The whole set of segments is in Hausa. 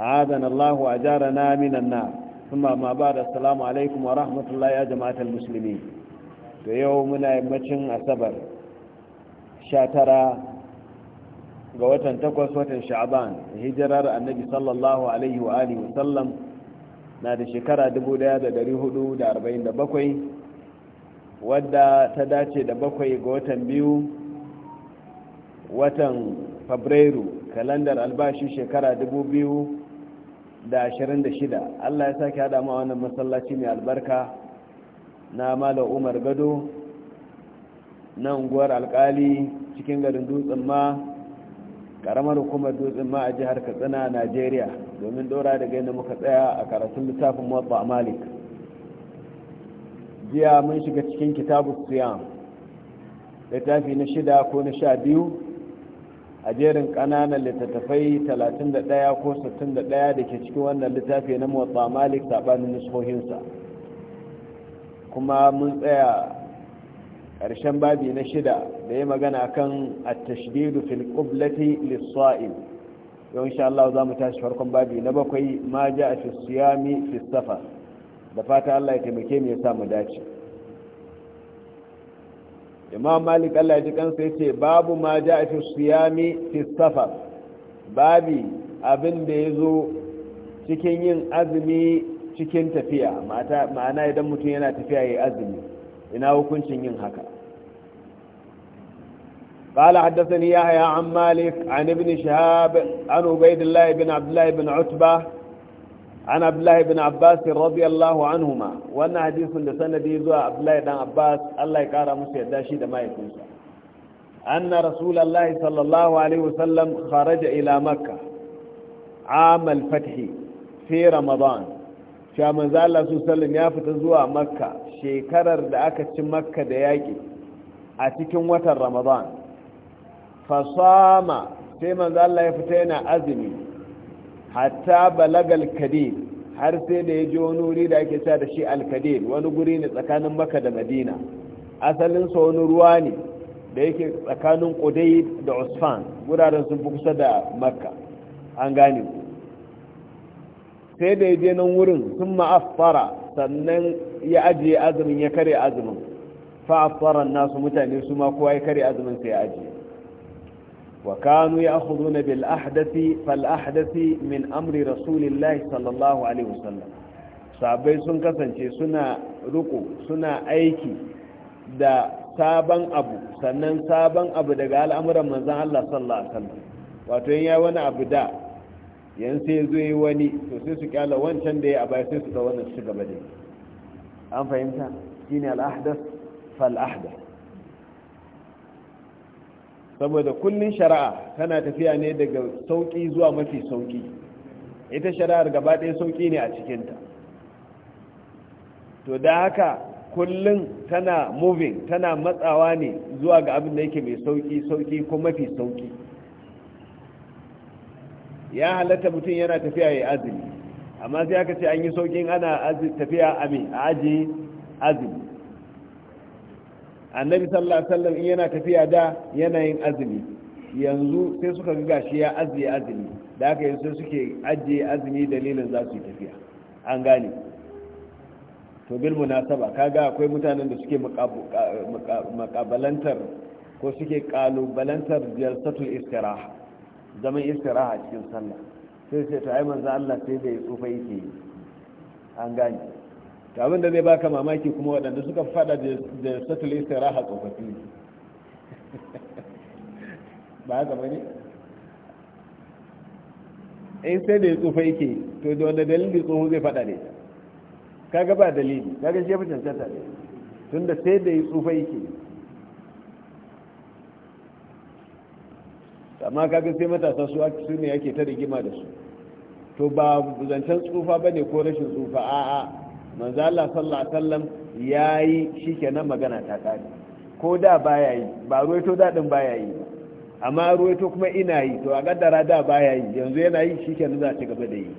أعاذنا الله وأجارنا من النار ثم ما بعد السلام عليكم ورحمة الله يا جماعة المسلمين يومنا يمتشن أسبر شاترا ga watan takwas watan sha'aban hijirar annabi sallallahu alaihi wa alihi wasallam na da shekara 1447 wadda ta dace da bakwai ga watan biyu watan fabrairu kalandar albashi shekara 2000 da ashirin da shida allah ya sake haɗa ma wannan masallaci mai albarka na malam umar gado na unguwar alkali cikin garin dutsen ma karamar hukumar dutsen ma a jihar katsina a najeriya domin dora da gani muka tsaya a karatun littafin motsa malik jiya mun shiga cikin kitabu siyam littafi na shida ko na sha biyu a jerin ƙananan littattafai 31 ko 61 da ke cikin wannan littafi na motsa malik saɓanin nusohinsa kuma mun tsaya ƙarshen babi na shida da ya magana kan a tashidu filƙublati lissa'il sail yau Allah za mu tashi farkon babi na bakwai ma a fi siyami fi safa da fata Allah ya taimake mu yasa mu dace imam malik allah ji kansa ya ce babu ma ja a fi siyami fi safar babi abin da ya zo cikin yin azumi cikin tafiya ma'ana idan mutum yana tafiya ya yi azumi ina hukuncin yin haka قال حدثني يحيى عن مالك عن ابن شهاب عن عبيد الله بن عبد الله بن عتبه an abdullahi bin abbas radiyallahu anhuma wannan hadisin da sanadi zuwa abdullahi dan abbas Allah ya kara musu yadda shi da mahaifinsa anna rasulullahi sallallahu alaihi wasallam kharaja ila makka am al-fath fi ramadan cewa manzo ya fita zuwa makka shekarar da aka ci makka da yaƙi a cikin watan ramadan fasama sai manzo ya fita yana azumi hatta balagal kadir har sai da ya ji wani wuri da ake sa da shi alkadir wani guri ne tsakanin maka da madina asalin sa wani ruwa ne da yake tsakanin kudai da usfan guraren sun fi kusa da makka an gane ku sai da ya je nan wurin sun ma'affara sannan ya ajiye azumin ya kare azumin fa'affaran nasu mutane su ma kowa ya kare azumin sai ya ajiye وكانوا يأخذون بالأحدث فالأحدث من أمر رسول الله صلى الله عليه وسلم sabai sun kasance suna ruku suna aiki da sabon abu sannan sabon abu daga al'amuran manzan Allah sallallahu Alaihi wato yin ya wani abu da yan sai zo yi wani to sai su wancan da ya a sai su da wannan su an fahimta shi ne al'ahdas saboda kullun shari'a tana tafiya ne daga sauki zuwa mafi sauki ita shari'ar gaba ɗaya sauki ne a cikinta to da haka kullun tana moving tana matsawa ne zuwa ga abin da yake mai sauki sauki ko mafi sauki ya halatta mutum yana tafiya ya azumi amma sai aka ce an yi saukin ana tafiya a aji azumi annabi sallallahu alaihi wasallam in yana tafiya da yanayin azumi yanzu sai suka ga gashi ya ajiye azumi da haka yanzu suke ajiye azumi dalilin za su yi tafiya an gane to bil munasaba kaga akwai mutanen da suke makabalantar ko suke kalubalantar jalsatul istiraha zaman istiraha cikin sallah sai sai to ai manzo Allah sai da tsufa yake an gane to abin da zai baka mamaki kuma waɗanda suka fada da sai Raha tsofaffi ne ba haka ne? in sai da ya tsofa yake to da wanda dalilin tsoho zai fada ne kaga ba dalili kaga shi ya fi cancanta ne tunda sai da ya tsofa yake amma kaga sai matasa su ne yake ta rigima da su to ba zancen tsufa ne ko rashin tsufa a'a manzo Allah sallallahu alaihi wasallam yayi shikenan magana ta kare ko da baya yi ba ruwaito dadin baya yi amma ruwaito kuma ina yi to a gaddara da baya yi yanzu yana yi shikenan za ci gaba da yi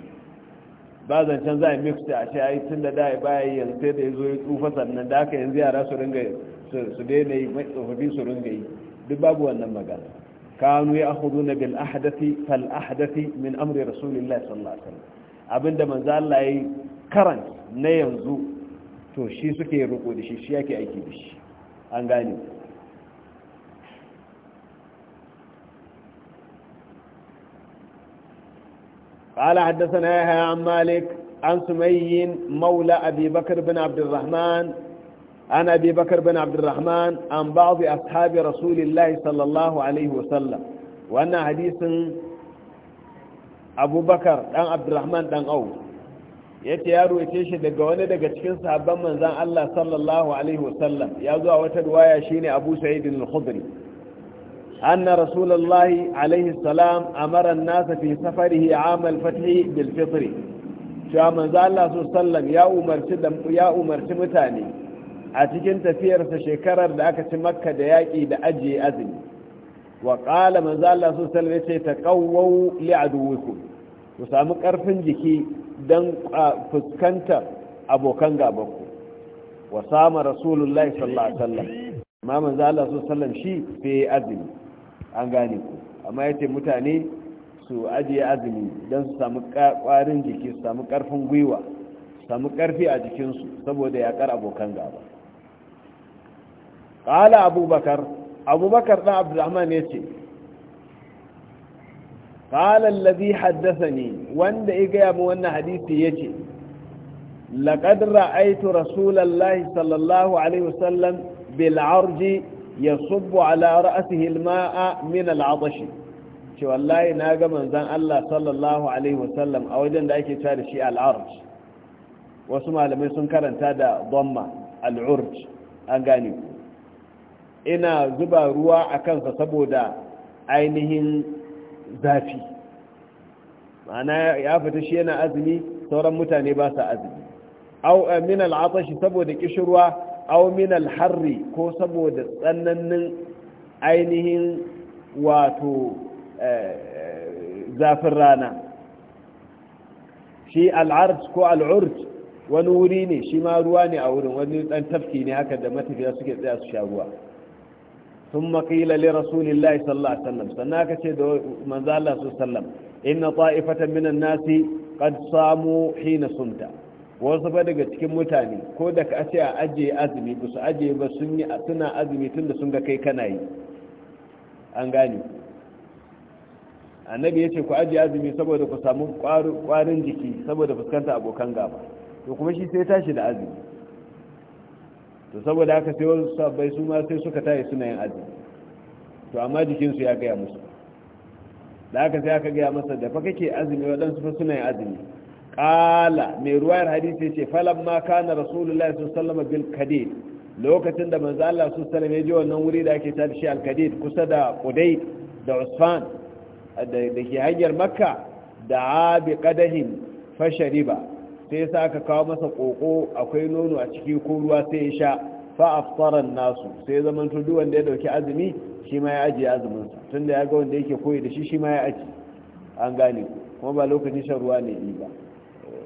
ba zancen za a mix a ce ai tun da da baya yi yanzu sai da ya zo ya tsufa sannan da haka yanzu yara su ringa su daina yi mai tsofaffi su ringa yi duk babu wannan magana kanu ya ahudu na bil ahdathi fal ahdathi min amri rasulillahi sallallahu alaihi wasallam abinda manzo Allah yayi karanta na yanzu to shi suke roƙo da shi shi yake aiki da shi an gane قال حدثنا يحيى عن مالك عن سمي مولى أبي بكر بن عبد الرحمن عن أبي بكر بن عبد الرحمن عن بعض أصحاب رسول الله صلى الله عليه وسلم وأن حديث أبو بكر عن عبد الرحمن عن أول yace ya ruwace shi daga wani daga cikin sahabban manzon Allah sallallahu alaihi wasallam ya zo a wata ruwaya shine Abu Sa'id al-Khudri anna Rasulullah alaihi salam amara an-nas fi safarihi 'am al-fath bil fitr cewa manzon Allah sallallahu ya umarci da ya umarci mutane a cikin tafiyarsa shekarar da aka ci Makka da yaƙi da ajiye azumi wa qala manzon Allah sallallahu alaihi wasallam yace taqawwu li'aduwikum ku samu karfin jiki don fuskantar abokan gabanku wa sama rasulullahi sallallahu alaihi wasallam amma manzo Allah sallallahu alaihi wasallam shi fi azumi an gane ku amma yace mutane su ajiye azumi don su samu kwarin jiki su samu karfin gwiwa su samu karfi a jikinsu saboda ya kar abokan gaba Kala abubakar abubakar dan abdurrahman yace qala haddasa haddathani wanda ya gaya mu wannan hadisi yace laqad ra'aytu rasulallahi sallallahu alaihi wasallam bil arji yasubbu ala ra'sihi al-ma'a min al-'atash ce wallahi na ga manzon Allah sallallahu alaihi wasallam a wajen da ake cewa da shi al-arj wasu malamai sun karanta da dhamma al-urj an gane ina zuba ruwa a kansa saboda ainihin zafi ma'ana ya fita shi yana azumi sauran mutane ba sa azumi aw eh, min al'atashi saboda kishirwa aw min al-harri ko saboda tsananin ainihin wato eh, zafin rana shi al'arj ko al'urj wani wuri ne shi ma ruwa ne a wurin wani dan tafki ne haka da matafiya suke tsaya su sha ruwa ثم قيل لرسول الله صلى الله عليه وسلم سناك شيء من ذا الله صلى الله عليه وسلم إن طائفة من الناس قد صاموا حين صمت وصفة ba daga cikin mutane ko da ka ce a ajiye azumi ba su ajiye ba sun yi annabi ya ce ku ajiye azumi saboda ku samu kwarin jiki saboda fuskanta abokan gaba to kuma shi sai tashi da azumi to saboda haka sai wasu sabbai su ma sai suka tayi suna yin azumi to amma jikinsu ya gaya musu da haka sai aka gaya masa da fa kake azumi waɗansu fa suna yin azumi ƙala mai ruwayar hadisi ce falan ma kana rasulullahi sallallahu alaihi bil kadid lokacin da manzo Allah su sallama ya je wannan wuri da ake tada shi al kadid kusa da qudai da usfan da ke hanyar makka da abi qadahin fashariba sai ya sa aka kawo masa koko akwai nono a ciki ko ruwa sai ya sha fa'aftaran nasu sai zaman tudu wanda ya dauki azumi shi ma ya ajiye azumin sa tunda ya ga wanda yake koyi da shi shi ma ya aji an gane kuma ba lokacin shan ruwa ne yi ba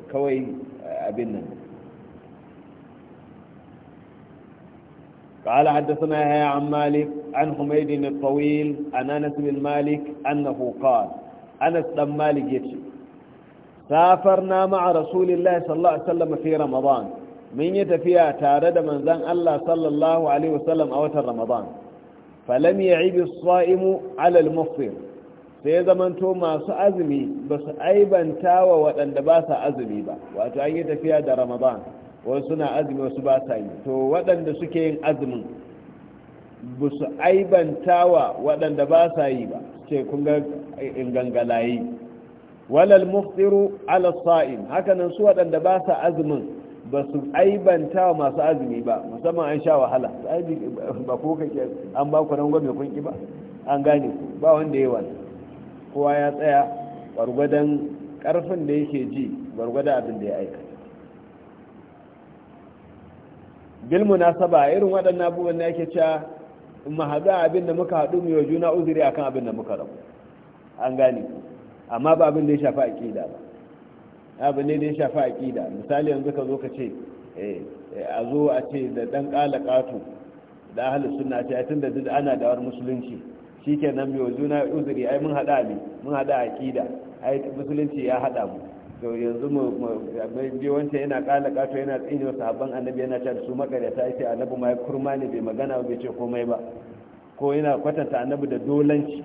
kawai eh, abin nan قال حدثنا يحيى عن مالك عن حميد الطويل عن انس بن مالك انه قال انس بن مالك يتشي safarna ma'a rasulillahi sallallahu alaihi wasallam fi ramadan mun yi tafiya tare da manzan Allah sallallahu alaihi wasallam a watan ramadan falam ya'ib as-sa'imu 'ala sai zamanto masu azumi ba su aibanta waɗanda ba sa azumi ba wato an yi tafiya da ramadan wasu suna azumi wasu ba sa yi to waɗanda suke yin azumin ba su waɗanda ba sa yi ba ce kun gangalaye walal muftiru ala sa'im hakanan su waɗanda ba sa azumin ba su aibanta wa masu azumi ba musamman an sha wahala ba ko kake an ba ku rangon mai kunki ba an gane ku ba wanda ya wani kowa ya tsaya gwargwadon karfin da yake ji gwargwadon abin da ya aika bil munasaba irin waɗannan abubuwan ne yake cewa in abin da muka haɗu mu yi juna uzuri akan abin da muka rabu an gane ku amma ba abin da ya shafi aƙida ba abu ne da ya shafi aƙida misali yanzu ka zo ka ce eh, eh, a zo a ce da ɗan ƙala ƙato da ahalus suna ce a tun da duk ana dawar musulunci shi ke nan mai wajuna uzuri ai mun haɗa ne mun haɗa aƙida ai musulunci ya haɗa mu to yanzu mu biyo wancan yana ƙala ƙato yana tsini wasu habban annabi yana cewa su makarata ya ce annabi ma ya kurma ne bai magana bai ce komai ba ko yana kwatanta annabi da dolanci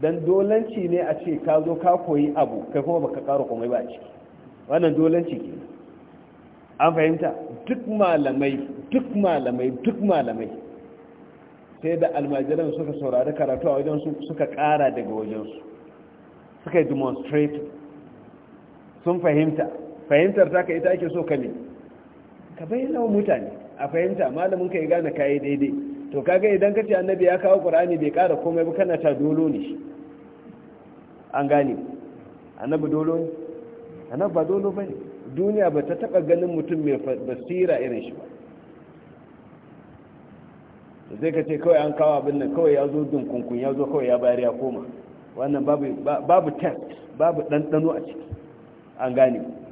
dan dolanci ne a ce ka zo ka koyi abu kai kuma baka ƙara komai ba a ciki wannan dolanci ke an fahimta duk malamai duk malamai duk malamai sai da almajiran suka saurari karatu a wajen su suka ƙara daga wajensu suka demonstrate sun fahimta fahimtar ta ka ta ake so ka ne ka bayyana mutane a fahimta malamin ka ya gane kayi daidai to kaga idan ce annabi ya kawo qur'ani bai kara komai ba kana ta dolo ne an gane annabi dolo ne annabi ba dolo bane duniya ba ta taba ganin mutum mai basira irin shi ba zai ka ce kawai an kawo abin nan kawai ya zo dunkunkun ya zo kawai ya bayar ya koma wannan babu test babu ɗanɗano a ciki an gane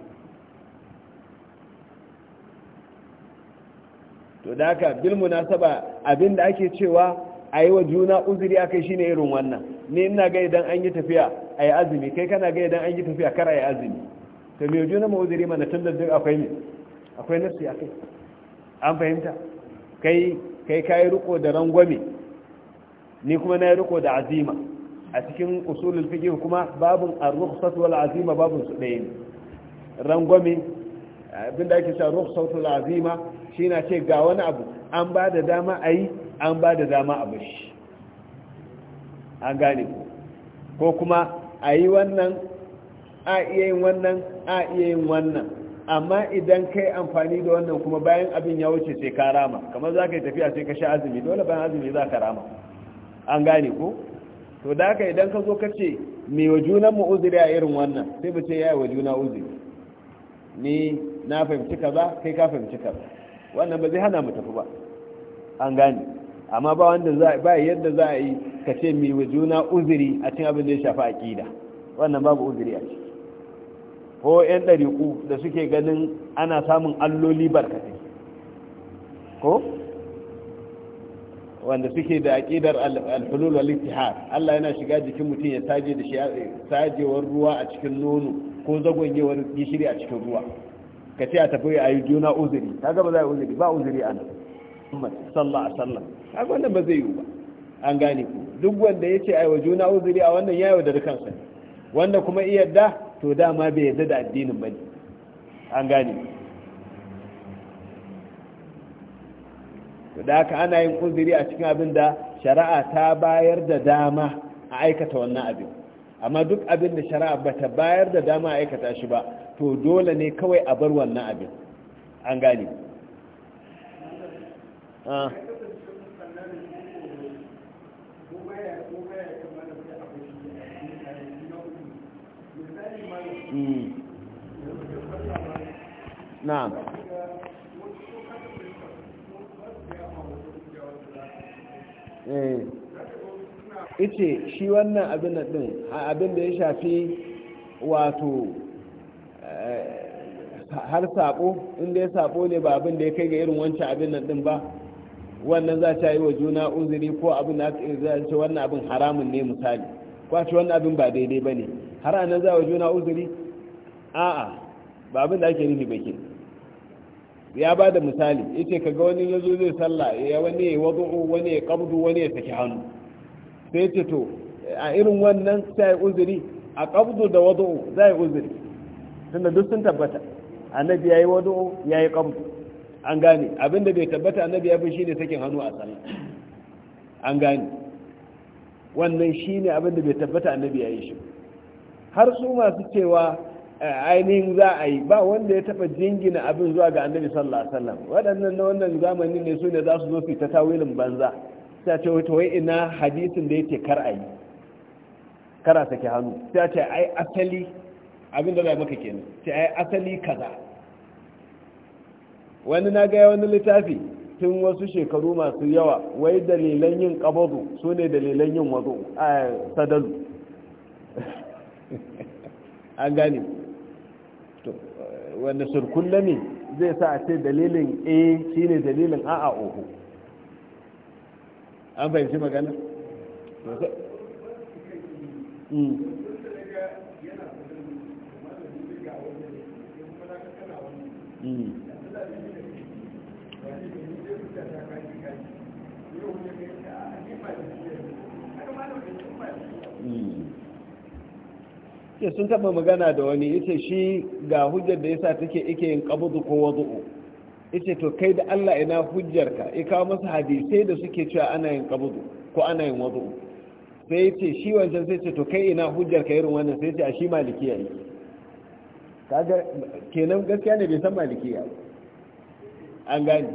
to da haka bil munasaba abinda ake cewa ayi wa juna uzuri akai shine irin wannan ni ina ga idan an yi tafiya ayi azumi kai kana ga idan an yi tafiya kar ayi azumi to me juna ma uzuri mana tunda duk akwai ne akwai nafsi akai an fahimta kai kai kai riko da rangwame ni kuma na yi riko da azima a cikin usulul fiqh kuma babun ar-rukhsat wal azima babun su ɗaya ne rangwame abinda ake cewa rukhsatul azima shi na ce ga wani abu an ba da dama a yi an ba da dama a bashi an gane ko kuma a yi wannan a iya yin wannan a iya yin wannan amma idan kai amfani da wannan kuma bayan abin ya wuce sai ka rama kamar za ka yi tafiya sai ka sha azumi dole bayan azumi za ka rama an gane ko to da haka idan ka zo ka ce mai wa junan mu uzuri a irin wannan sai ba ce ya yi wa juna uzuri ni na fahimci kaza kai ka fahimci kaza wannan ba zai hana mu tafi ba an gane amma ba wanda ba yadda za a yi ka ce mai wa juna uzuri a cin abin da ya shafi aƙida wannan babu uzuri a ciki ko 'yan ɗariƙu da suke ganin ana samun alloli barkatai ko wanda suke da aƙidar alhulul wal ittihad Allah yana shiga jikin mutum ya taje da shi ruwa a cikin nono ko zagonyewar gishiri a cikin ruwa ka ce a tafi a yi juna uzuri ta gaba za a uzuri ba uzuri a nan sallah a sallah kaga wannan ba zai yiwu ba an gane ku duk wanda ya ce a yi wa juna uzuri a wannan ya yaudar kansa wanda kuma iya da to dama bai yarda da addinin ba ne an gane ku da haka ana yin uzuri a cikin abin da shari'a ta bayar da dama a aikata wannan abin amma duk abin da shari'a ba ta bayar da dama a aikata shi ba to dole ne kawai a bar wannan abin an gane ah. hmm. eh. Ita shi wannan abin da ya shafi wato har sabo in dai sabo ne ba abin da ya kai ga irin wancan abin nan din ba wannan za ta yi wa juna uzuri ko abin da za ce wannan abin haramun ne misali ko ce wannan abin ba daidai ba ne har anan za wa juna uzuri a'a ba abin da ake nufi bakin ya ba da misali yace kaga wani zo zai sallah ya wani ya wadu'u wani ya kabdu wani ya saki hannu sai yace to a irin wannan sai uzuri a kabdu da wadu'u zai uzuri tunda duk sun tabbata annabi yi wado yi kamfu an gane abinda bai tabbata annabi ya shi shine sakin hannu a sallah an gane wannan shine abinda bai tabbata annabi yi shi har su masu cewa eh, ainihin za a yi ba wanda ya taba jingina abin zuwa ga annabi sallallahu alaihi wasallam waɗannan na wannan zamanin ne su ne za su zo fi ta tawilin banza sai ce wai ina hadisin da yake kar a yi kara sake hannu sai ce ai asali abin da bai maka kenan sai ai asali kaza wani na gaya wani littafi tun wasu shekaru masu yawa wai dalilan yin kabazu su ne dalilan yin wazo a sadalu an gane wanda surkulla ne zai sa a ce dalilin a shi ne dalilin a a oho an fahimci magana? Mm. ke hmm. sun taba magana da wani ita shi ga hujjar da yasa take ike yin qabdu ko wudu ita to kai da Allah ina hujjarka ya kawo masa hadisi da suke cewa ana yin qabdu ko ana yin wudu sai ya ce shi wancan sai yace to kai ina hujjarka irin wannan sai yace a shi maliki yi kaga kenan gaskiya ne bai san malikiya an gani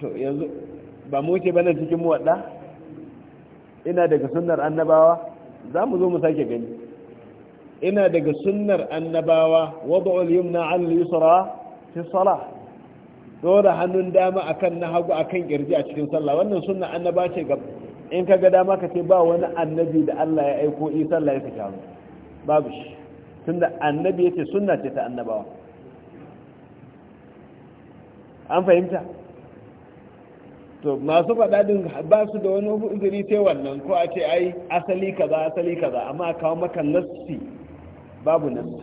to yanzu ba mu ba bane cikin muwadda ina daga sunnar annabawa za mu zo mu sake gani ina daga sunnar annabawa wada'ul yumna 'ala al-yusra fi salah dora hannun dama akan na hagu akan kirji a cikin sallah wannan sunna annaba ce ga in kaga dama ka ce ba wani annabi da Allah ya aiko isa sallah ya fita babu shi tunda annabi yace sunna ce ta annabawa an fahimta to masu faɗaɗin ba su da wani uzuri sai wannan ko a ce ai asali kaza asali kaza amma kawo maka nassi babu nassi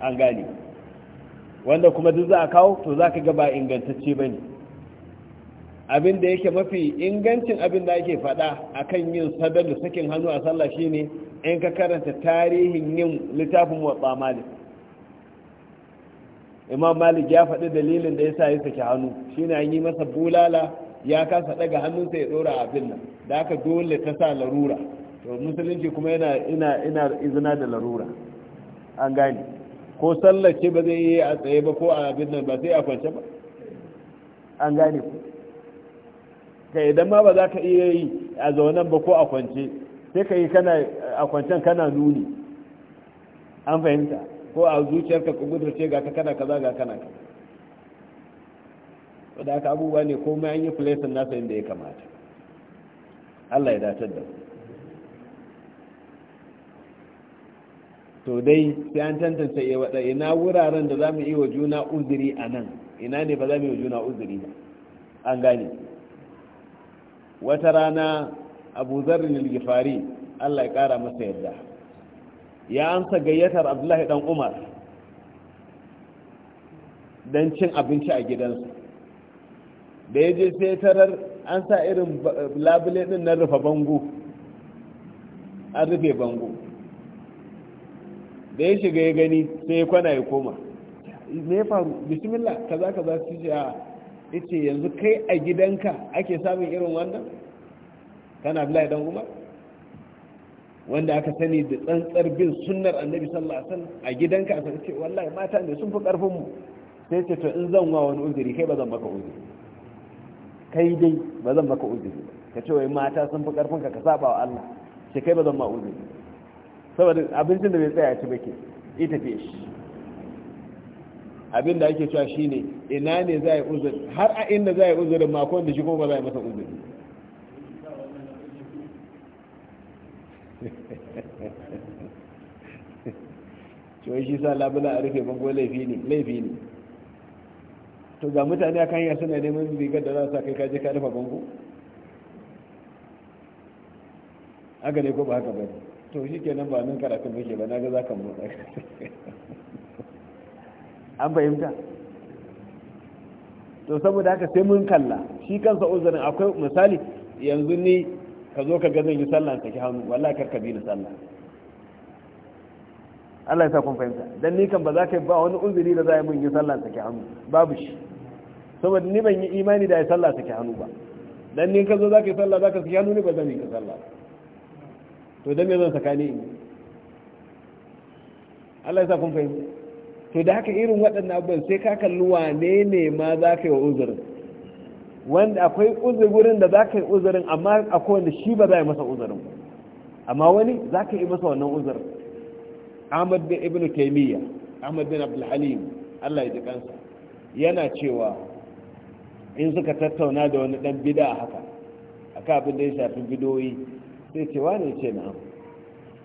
an gane wanda kuma duk za a kawo to za ka gaba ba ingantacce ba ne abin da yake mafi ingancin abin da ake faɗa a kan yin sadar da sakin hannu a sallah shi ne in ka karanta tarihin yin littafin watsa malik imam malik ya faɗi dalilin da ya sa ya saki hannu shi ne an yi masa bulala ya kasa daga hannunsa ya dora abin nan da aka dole ta sa larura to musulunci kuma yana ina ina izina da larura an gane ko sallar ce ba zai yi a tsaye ba ko a abin nan ba sai a kwance ba an gane ku ka idan ma ba za ka iya yi a zaunan ba ko a kwance sai ka yi kana a kwancen kana nuni an fahimta ko a zuciyarka ka gudu ce ga ka kana kaza ga kana kaza wadda aka abubuwa ne komai an yi filesin nasa inda ya kamata allah ya datar da to dai sai an tantance ya eh, wada ina wuraren da za mu yi wa juna uzuri a nan ina ne ba za mu yi wa juna uzuri ba an gane wata rana abu zarrin al-gifari allah ya kara masa yadda ya amsa gayyatar abdullahi dan umar don cin abinci a gidansa da ya je sai tarar an sa irin labule din na rufe bango an rufe bango da ya shiga ya gani sai ya kwana ya koma me ya faru bismillah kaza kaza su ce a ce yanzu kai a gidanka ake samun irin wannan kana abdullahi dan umar wanda aka sani da tsantsar bin sunnar annabi sallallahu alaihi wasallam a gidanka a ce wallahi mata ne sun fi karfin mu sai ce to in zan wa wani uzuri kai ba zan maka uzuri kai dai ba zan maka uzuri ka ce wai mata sun fi karfin ka ka saba wa Allah ce kai ba zan ma uzuri saboda abincin da bai tsaya ci ba ke ita tafiye shi abin da ake cewa shine ina ne za a yi uzuri har a inda za a yi uzurin makon da shi kuma ba za a yi masa uzuri cewa shi sa labula a rufe bango laifi ne laifi ne to ga mutane akan hanya suna neman rigar da za su kai kaje ka rufa bango haka ne ko ba haka ba to shi nan ba nan karatun muke ba na ga za ka motsa an fahimta to saboda haka sai mun kalla shi kansa uzurin akwai misali yanzu ni ka zo ka gazan yi sallah saki hannu kar ka bi ni sallah Allah ya sa kun fahimta dan ni kan ba za ka ba wani uzuri da za a yi mun yi sallah saki hannu babu shi saboda ni ban yi imani da ya sallah saki hannu ba dan ni ka zo zaka yi sallah zaka saki hannu ne ba zan yi ka sallah to dan me zan saka ni Allah ya sa kun fahimta to da haka irin waɗannan abubuwan sai ka kalli wane ne ma za ka yi wa uzurin wanda akwai uzurin da za ka yi uzurin amma akwai wanda shi ba za yi masa uzurin amma wani za ka yi masa wannan uzurin ahmad bin ibn taimiyya ahmad bin abdulhalim allah ya ji kansa yana cewa in suka tattauna da wani dan bida haka aka abin da ya shafi bidoyi sai ce wane ce na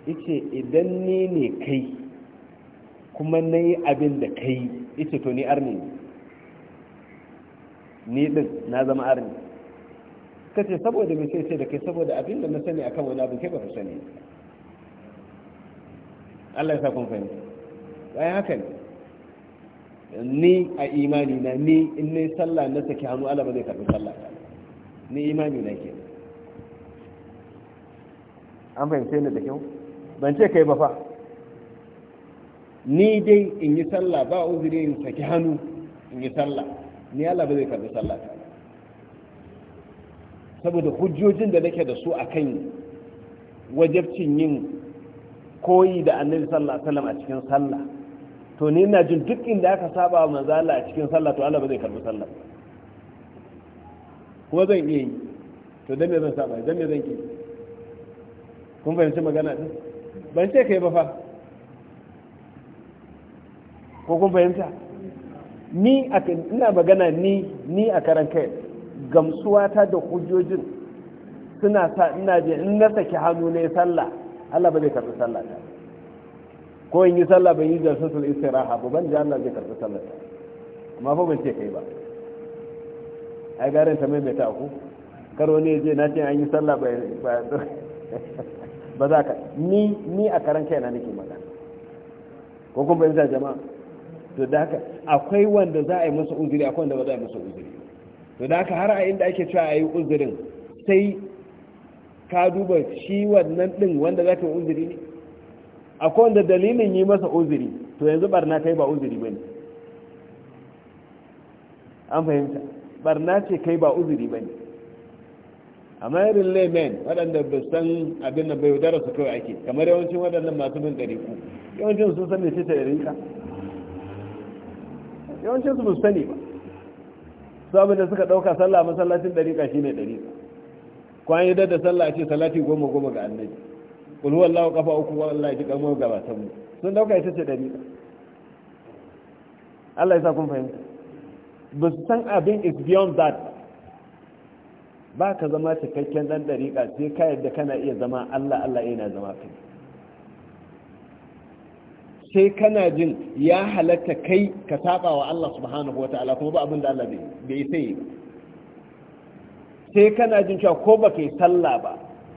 yace idan ni ne kai kuma na yi abin da kai yace to ni arni ne ni din na zama arni kace saboda me sai ce da kai saboda abin da na sani akan wani abin kai ba ka sani Allah ya sa kun fahimta bayan haka ne ni a imani na ni in ne sallah na saki hannu ala ba zai karbi sallah ni imani na ke an fahimce ni da kyau ban ce kai ba fa ni dai in yi sallah ba uzuri in saki hannu in yi sallah ni ala ba zai karbi sallah saboda hujjojin da nake da su akan wajabcin yin koyi da annabi sallallahu alaihi wasallam a cikin sallah to ne na jin duk inda aka saba manzo Allah a cikin sallah to Allah ba zai karbi sallah kuma zan iya yi to dan me zan saba dan me zan ki kun fahimci magana din ban ce kai ba fa ko kun fahimta ni ina magana ni ni a karan kai gamsuwa ta da hujjojin suna sa ina je in na saki hannu ne sallah Allah ba zai karbi sallah ta ko in yi sallah ban yi jalsatul istiraha ba ban ji Allah zai karɓi sallar amma fa ban ce kai ba ai garin ta mai ta ku karo ne je na ce an yi sallah ba ba za ka ni ni a karan kai na nake magana ko kun bayyana jama'a to da haka akwai wanda za a yi musu uzuri akwai wanda ba za a yi musu uzuri to da haka har a inda ake cewa a yi uzurin sai ka duba shi wannan din wanda za ka yi uzuri ne akwai wanda dalilin yi masa uzuri to yanzu barna kai ba uzuri ba ne an fahimta barna ce kai ba uzuri ba ne a mayarin layman waɗanda ba san abin da bai wadara su kawai ake kamar yawancin waɗannan masu bin ku, yawancin sun san ce ce ka yawancin su ba sani ba su abin da suka ɗauka sallah masallacin ɗari ka ɗarika shine ɗarika kwan yi da sallah a ce salati goma goma ga annabi kul huwallahu kafa uku wallahi ji kamo gabatan mu sun dauka ita ce dariƙa Allah ya sa kun fahimta ba su san abin is beyond that ba ka zama cikakken dan dariƙa sai ka yadda kana iya zama Allah Allah yana zama kai sai kana jin ya halatta kai ka saba wa Allah subhanahu wataala kuma ba abin da Allah bai sai sai kana jin cewa ko ba yi sallah ba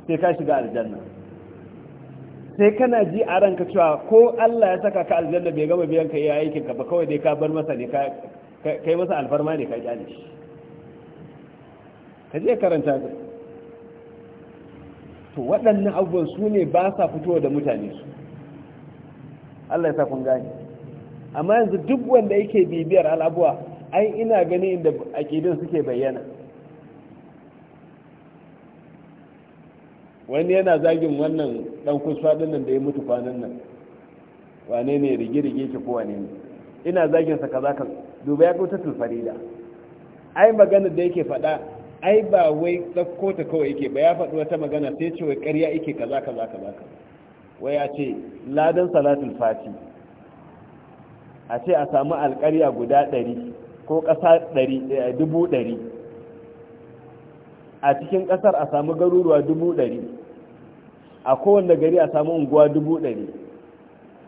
sai ka shiga aljanna sai kana ji a ranka cewa ko Allah ya saka ka aljanna bai gama biyan ka iya aikin ka ba kawai dai ka bar masa ne ka yi masa alfarma ne ka kyale shi ka je karanta ka to waɗannan abubuwan su ne ba sa fitowa da mutane su Allah ya sa kun gane amma yanzu duk wanda yake bibiyar al'abuwa ai ina gani inda akidin suke bayyana wani yana zagin wannan dan kusa dinnan da ya mutu kwanan nan wane ne rige-rige ki ko wane ne ina zagin sa kaza kan duba ya kauta tulfarida ai magana da yake faɗa ai ba wai tsakko ta kawai yake ba ya faɗi wata magana sai ce wai ƙarya yake kaza kaza kaza wai a ce ladan salatul fati a ce a samu alƙarya guda ɗari ko ƙasa eh, dubu ɗari a cikin ƙasar a samu garuruwa dubu ɗari a kowane gari a samu unguwa dubu ɗari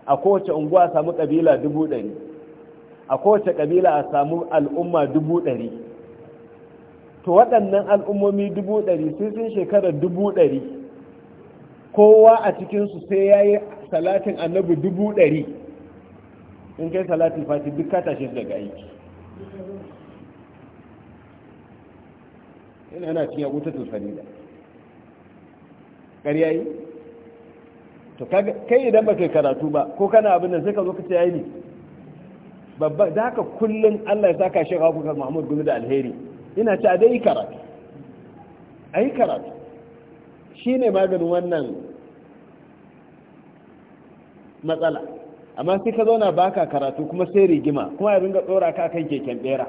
a kowace unguwa a samu ƙabila dubu ɗari a kowace ƙabila a samu al'umma dubu ɗari to waɗannan al'ummomi dubu ɗari sun sun shekara dubu ɗari kowa a cikinsu sai ya yi salatin annabi dubu ɗari in kai salatin fati duk ka daga aiki yana yana cikin wuta tulfani da ƙarya yi to kai idan ba kai karatu ba ko kana abin da sai ka zo ka ce yayi ne babba da haka kullum Allah ya saka shi kan Muhammad Gumi da alheri ina ce a dai karatu ai karatu shine maganin wannan matsala amma sai ka zauna baka karatu kuma sai rigima kuma ya ringa tsora ka kan keken bera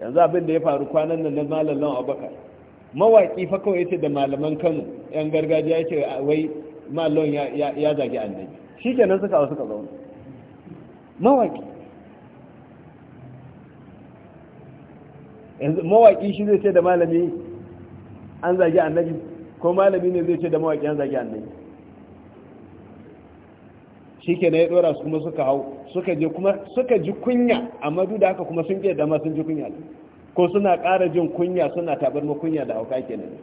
yanzu abin da ya faru kwanan nan na malallan abakar mawaƙi fa kawai yace da malaman kano yan gargajiya yace wai malon ya zagi annabi shi kenan suka wasu ka zauna mawaƙi mawaƙi shi zai ce da malami an zagi annabi ko malami ne zai ce da mawaƙi an zagi annabi na ya dora su kuma suka hau suka kuma suka ji kunya amma duk da haka kuma sun ke dama sun ji kunya ko suna ƙara jin kunya suna tabar ma kunya da hauka nan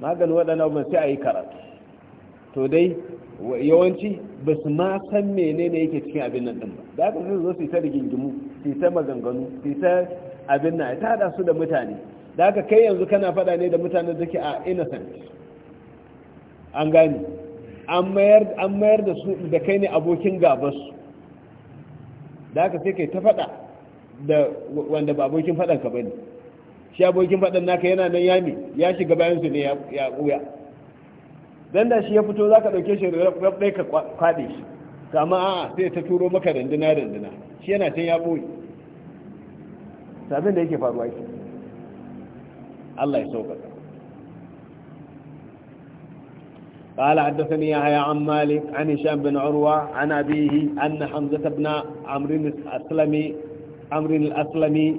maganin waɗannan abubuwan sai a yi karatu to dai yawanci ba su ma san menene yake cikin abin nan ɗin ba da haka zai zo su yi ta rigingimu su ta maganganu su yi ta abin nan ta haɗa su da mutane da haka kai yanzu kana faɗa ne da mutanen da ke a innocent an gane an mayar da su da kai ne abokin gabas da aka sai kai ta faɗa da wanda ba abokin faɗanka ba ne shi abokin faɗan naka yana nan yami ya shiga bayansu ne ya ɓuya dan da shi ya fito za ka ɗauke shi dai ka kwaɗe shi kama a'a sai ta turo maka dandana dandana shi yana can ya boye sabin da yake faruwa shi Allah ya sauƙaƙa قال حدثني يحيى عن مالك عن هشام بن عروة عن أبيه أن حمزة بن عمرو الأسلمي عمرو الأسلمي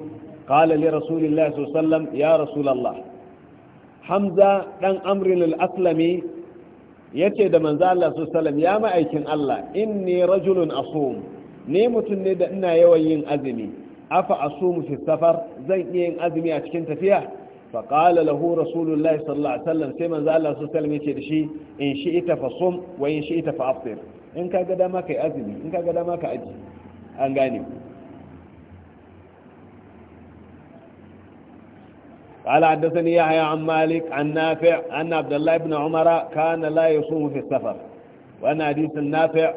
قال لرسول الله صلى الله عليه وسلم يا رسول الله عمرو yace da manzo Allah sallallahu alaihi ya ma'aikin Allah inni rajulun asum ni mutum ne da ina yawan yin azumi afa asumu fi safar zan iya yin azumi a cikin tafiya faƙala lahu rasulullahi sallallahu alaihi wasallam sai manzo Allah su sallam yace da shi in shi ita fa sum wa in shi ita fa aftir in ka ga dama kai azumi in ka ga dama ka aji an gane قال حدثني يحيى عن مالك عن نافع أن عبد الله بن عمر كان لا يصوم في السفر وأنا حديث النافع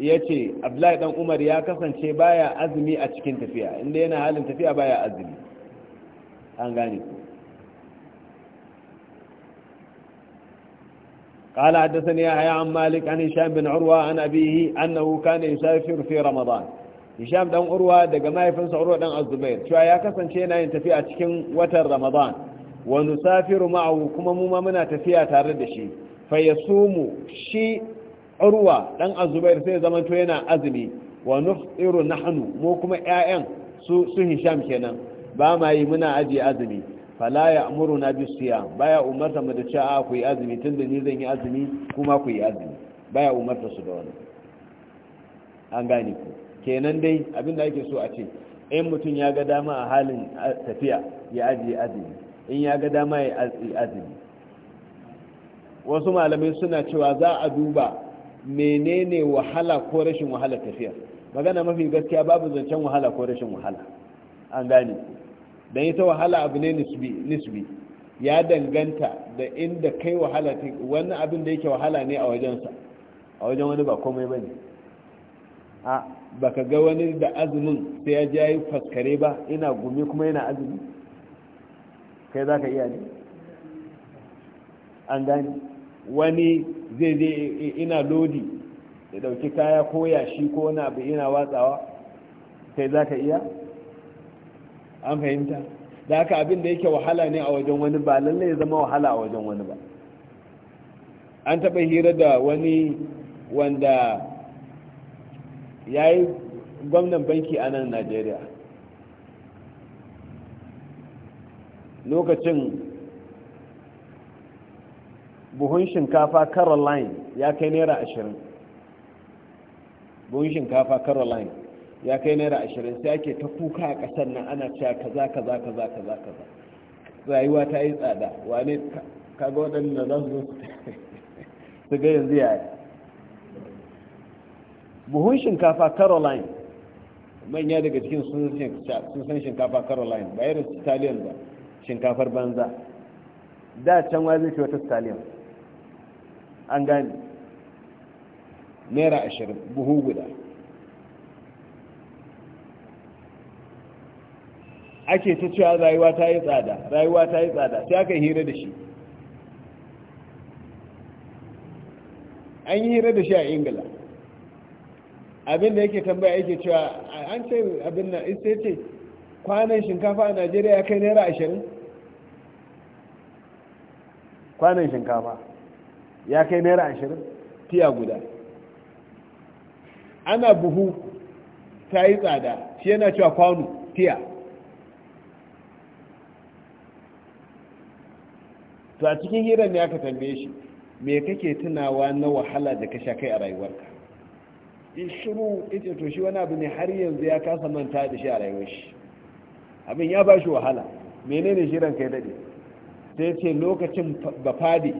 yace Abdullahi dan Umar ya kasance baya azumi a cikin tafiya inda yana halin tafiya baya azumi an gane ku قال حدثني يحيى عن مالك عن هشام بن عروة عن أبيه أنه كان يسافر في رمضان هشام دان عروة دقا ما يفنس عروة دان الزبير شو يا كسن شينا ينتفي أتكن وتر رمضان ونسافر معه كما مما منا تفيا تارد شي فيصوم شي عروة دان الزبير سي زمن توينا أزمي ونفطر نحن مو كما آئن سو, سو هشام شينا ba ma yi muna aji azumi fala ya amuru na bi siya baya umarta mu da cewa ku yi azumi tunda ni zan yi azumi kuma ku yi azumi baya umarta su da wani an gane ku kenan dai abin da ake so a ce in mutum ya ga dama a halin tafiya ya ajiye azumi in ya ga dama ya azumi wasu malamai suna cewa za a duba menene wahala ko rashin wahala tafiya magana mafi gaskiya babu zancen wahala ko rashin wahala an gane ku da ita wahala abu ne nisbi ya danganta da inda kai wahala ta wani abin da yake wahala ne a wajensa a wajen wani ba komai ba ne a baka ga wani da azumin sai ya ja yi faskare ba ina gumi kuma yana azumi kai za ka iya ne an gani wani zai zai ina lodi ya dauki kaya ko yashi ko wani abu ina watsawa kai za ka iya an fahimta da haka abin da yake wahala ne a wajen wani ba lallai ya zama wahala a wajen wani ba an taɓa hira da wani wanda ya yi gwamnan banki a nan najeriya lokacin buhun shinkafa caroline ya kai naira ashirin buhun shinkafa caroline ya kai naira ashirin sai ake ta kuka a ƙasar nan ana cewa kaza kaza kaza kaza za rayuwa ta yi tsada wane kaga waɗanda za su su ga yanzu ya yi. buhun shinkafa caroline manya daga cikin sun san shinkafa caroline ba irin stallion ba shinkafar banza da can wa zai wata stallion an gane naira ashirin buhu guda ake ta cewa rayuwa ta yi tsada rayuwa ta yi tsada sai aka hira da shi an yi hira da shi a ingila abin da yake tambaya yake cewa an ce abin na isa ce kwanan shinkafa a najeriya ya kai naira ashirin kwanan shinkafa ya kai naira ashirin tiya guda ana buhu ta yi tsada shi yana cewa kwano tiya to a cikin hirar ne aka tambaye shi me kake tunawa na wahala da ka sha kai a rayuwarka shiru ita to shi wani abu ne har yanzu ya kasa manta da shi a rayuwar shi abin ya ba shi wahala menene shirin kai dade sai ce lokacin bafadi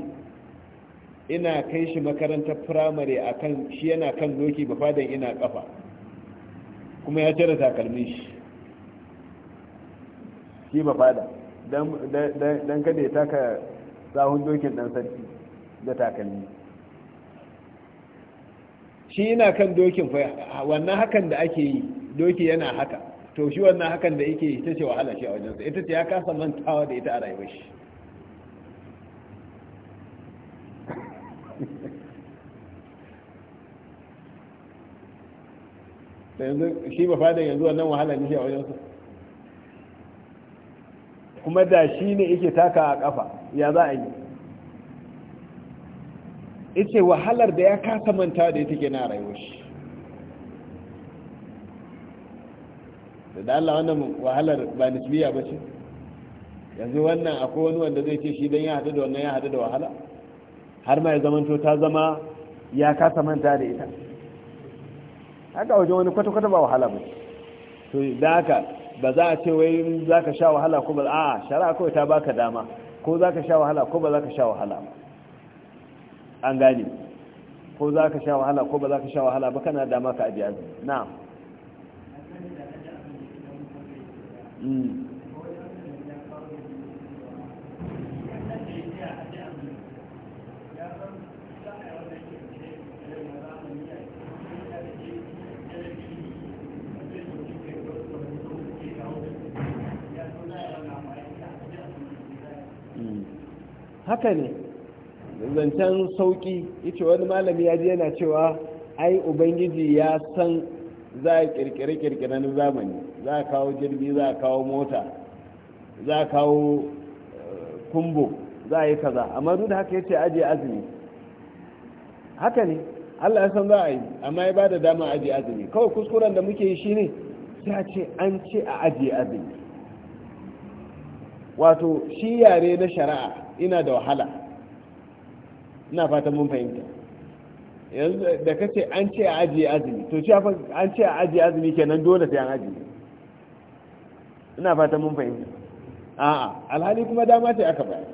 ina kai shi makarantar firamare a kan shi yana kan doki bafadan ina kafa kuma ya cire takalmin shi shi bafada don kada ya taka sahun dokin ɗan sarki da takalmi shi yana kan dokin fa wannan hakan da ake yi doki yana haka to shi wannan hakan da yake ita ce wahala shi a wajen sa ita ce ya kasa mantawa da ita a rayuwar shi yanzu shi ba fada yanzu wannan wahala ne shi a sa kuma da shi ne yake taka a kafa ya za a yi ita wahalar da ya kasa manta da ita na rayuwa shi da Allah wannan wahalar ba nisbiya ba ce yanzu wannan akwai wani wanda zai ce shi don ya haɗu da wannan ya haɗu da wahala har ma ya zamanto ta zama ya kasa manta da ita haka wajen wani kwata-kwata ba wahala ba to da haka ba za a ce wai za ka sha wahala kuma a shara kawai ta baka dama ko za ka sha wahala ko ba za ka sha wahala an gane ko za ka sha wahala ko ba za ka sha wahala ba kana dama ka ajiye na haka ne zancen sauki yace wani malami ya ji yana cewa ai ubangiji ya san za a kirkire kirkire na zamani za a kawo jirgi za a kawo mota za a kawo eh, kumbo za a yi kaza amma duk da haka ya ce ajiye azumi haka ne Allah ya san za a yi amma ya bada dama ajiye azumi kawai kuskuren da muke yi shine sai a ce an ce a ajiye azumi wato shi yare na shari'a ina da wahala ina fatan mun fahimta yanzu da kace an ce a ajiye azumi to ci an ce a ajiye azumi kenan dole sai an ajiye ina fatan mun fahimta a'a alhali kuma dama ce aka bayar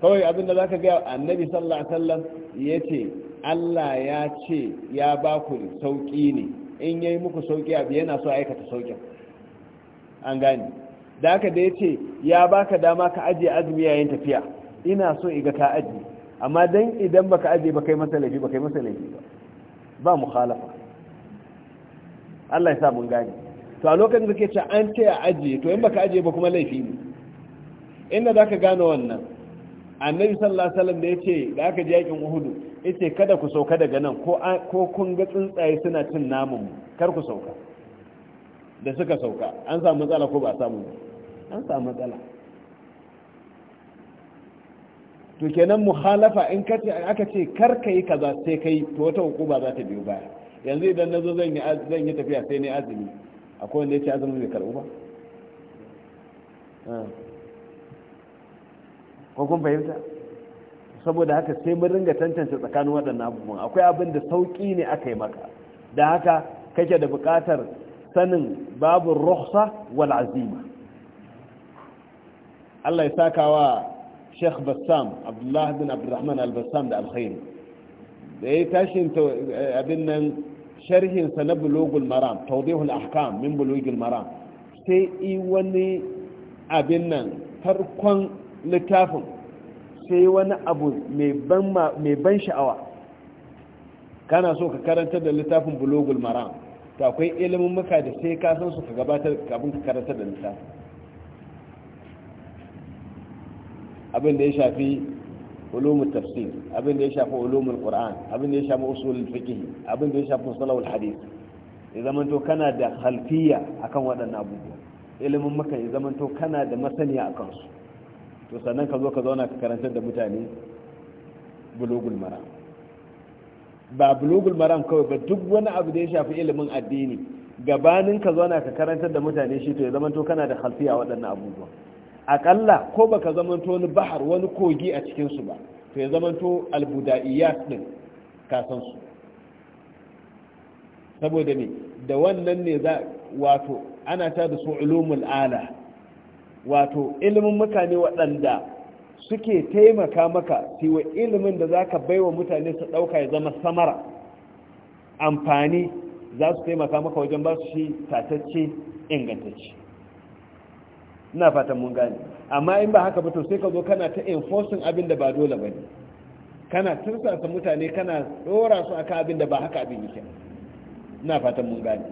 kawai abinda za ka ga annabi sallallahu alaihi wasallam yace Allah ya ce ya ba ku sauki ne in yayi muku sauki abu yana so aikata saukin an gane da haka da ya ce ya baka dama ka ajiye azumi yayin tafiya ina so iga ka aji amma dan idan baka aje ba kai masa ba kai masa ba ba mu mukhalafa Allah ya sa mun gane to a lokacin da kake ce an ce a aje to in baka aje ba kuma laifi ne inda zaka gano wannan annabi sallallahu alaihi wasallam da yace da aka ji yakin uhud yace kada ku sauka daga nan ko ko kun ga tsuntsaye suna cin namun kar ku sauka da suka sauka an samu matsala ko ba samu ba an samu matsala to kenan muhalafa in aka ce karka yi kaza sai kai to wata hukuma za ta biyo baya yanzu idan na zo zan yi tafiya sai ne azumi akwai wanda ya ce azumi bai karɓu ba ah. ko kun fahimta saboda haka sai mun ringa tantance tsakanin waɗannan abubuwan akwai abin da sauƙi ne aka yi maka da haka kake da buƙatar sanin babu ruhsa wal azima Allah ya saka wa sheikh bassam abdullah bin abdurrahman al-bassam da alkhairi da ya tashin eh, abin nan sharhinsa na bulugul maram taudihul ahkam min bulugul maram sai i wani abin nan farkon littafin sai wani abu mai ban sha'awa kana so ka karanta da littafin bulugul maram to akwai ilimin muka da sai ka san su ka gabatar kafin ka karanta da littafin abin da ya shafi ulumul tafsir abin da ya shafi ulumul qur'an abin da ya shafi usulul fiqh abin da ya shafi usulul hadith ya zamanto kana da halfiya akan waɗannan abubuwa ilimin maka ya zamanto kana da masaniya akan su to sannan ka zo ka zauna ka karantar da mutane bulugul maram ba bulugul maram kawai ba duk wani abu da ya shafi ilimin addini gabanin ka zauna ka karantar da mutane shi to ya zamanto kana da halfiya waɗannan abubuwa akalla ko baka zamanto wani bahar wani kogi a cikinsu ba to ya zamanto albuda'iyat din kasan su saboda ne da wannan ne za wato ana ta da su ulumul ala wato ilimin mutane waɗanda suke taimaka maka wa ilimin da zaka baiwa mutane su ɗauka ya zama samara amfani za su taimaka maka wajen ba su shi tatacce ingantacce ina fatan mun gane amma in ba haka ba to sai ka zo kana ta enforcing abin da ba dole ba ne kana tursasa mutane kana dora su aka abin da ba haka abin yake ina fatan mun gane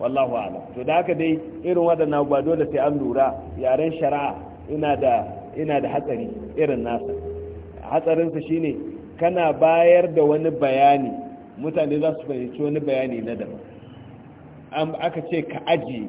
wallahu a'lam to da haka dai irin waɗannan ba dole sai an lura yaren shari'a ina da ina da hatsari irin nasa hatsarin sa shine kana bayar da wani bayani mutane za su fahimci wani bayani na daban an aka ce ka ajiye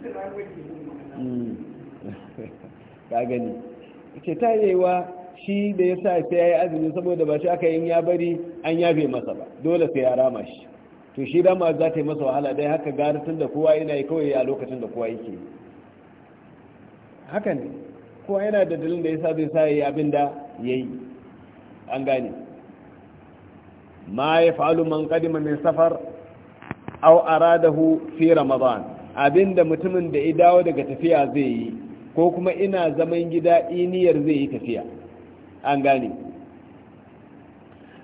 Hmm. ka gani ce ta yewa shi da ya sa sai ya yi azumi saboda ba shi aka yin ya bari an yafe masa ba dole sai ya rama shi to shi rama za ta yi masa wahala dai haka tun da kowa yana yi kawai a lokacin da kowa yake haka ne kowa yana da dalilin da ya sa zai sa ya yi abin da ya yi an gane ma ya fa'alu man kadima min safar aw aradahu fi ramadan abinda mutumin da ya dawo daga tafiya zai yi ko kuma ina zaman gida iniyar zai yi tafiya an gane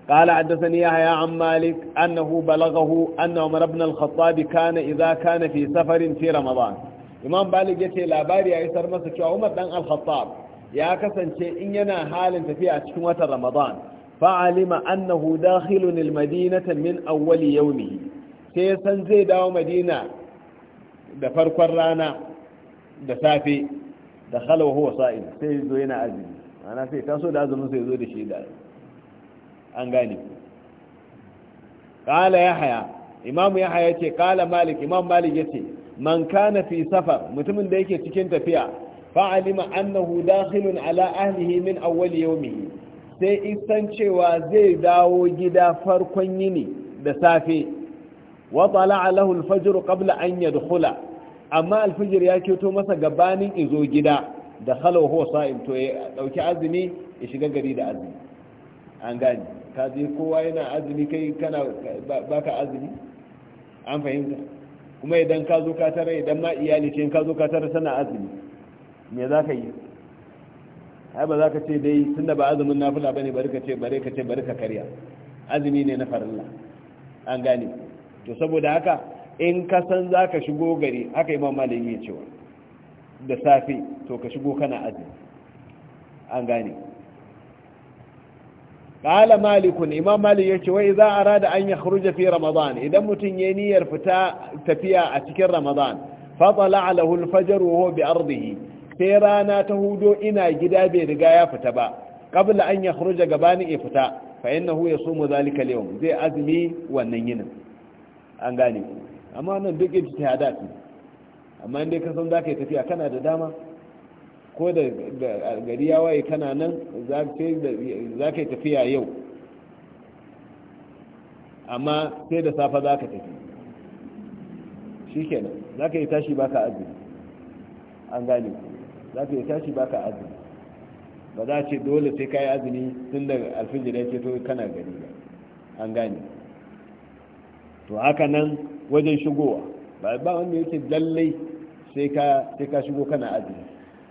قال حدثني يحيى عن مالك أنه بلغه أن عمر بن الخطاب كان إذا كان في سفر في رمضان إمام مالك يتي لاباري يسر مسك عمر بن الخطاب يا كسن إن ينا حال في أشكوة رمضان فعلم أنه داخل المدينة من أول يومه sai san zai dawo madina da farkon rana da safe da khalawa huwa sa'il sai zo yana azumi ana sai taso da azumin sai zo da shi da an gane qala yahya imam haya ce, qala malik imam malik ya ce. man kana fi safar mutumin da yake cikin tafiya fa alima annahu dakhilun ala ahlihi min awwal yawmihi sai isan cewa zai dawo gida farkon yini da safe wa tala'a lahu al-fajr qabla an yadkhula amma alfijir ya ceto masa gabanin izo gida da halau ho sa'im to ya dauki azumi ya shiga gari da azumi an gani ka je kowa yana azumi kai kana baka azumi an fahimta kuma idan ka zo ka tare idan ma iyali ce ka zo ka tare tana azumi me za ka yi ai ba za ka ce dai tunda ba azumin nafila bane bari ka ce bari ka ce bari ka karya azumi ne na farilla an gani. to saboda haka in ka san za ka shigo gari haka imam malik ya cewa da safe to ka shigo kana azi an gane ƙala malikun imam malik ya ce wai za a rada an ya fi ramadan idan mutum ya niyyar fita tafiya a cikin ramadan fatsala ala hulfajar roho bi arzihi sai rana ta hudo ina gida bai riga ya fita ba kabla an ya khuruja gabani ya fita huya su mu zalika al zai azumi wannan yinin an gane amma nan duk ijtihadat ne amma inda ka san ka yi tafiya kana da dama ko da gari ya waye kana nan ka yi tafiya yau amma sai da safa ka tafi shi za ka yi tashi baka azumi an gane ka yi tashi baka azumi ba za ce dole sai ka yi azumi tun da Alfin ya ce to kana gari ba an gane to haka nan wajen shigowa ba ba wanda yake lallai sai ka shigo kana azumi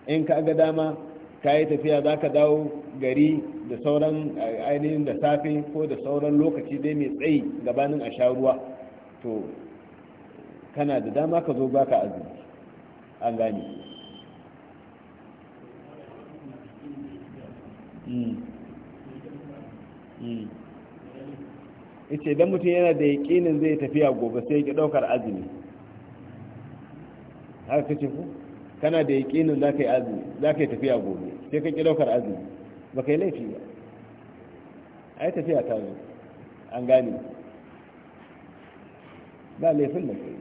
in ka ga dama ka yi tafiya za ka dawo gari da sauran ainihin da safe ko da sauran lokaci dai mai tsayi gabanin a sha ruwa to kana da dama ka zo baka azumi an gane hmm. Hmm. yace dan mutum yana da yaƙinin zai tafiya gobe sai ya ɗaukar azumi haka kace ku kana da yaƙinin za ka yi azumi za ka yi tafiya gobe sai ka ƙi ɗaukar azumi ba ka yi laifi ba ai tafiya ta zo an gane ba laifin da ka yi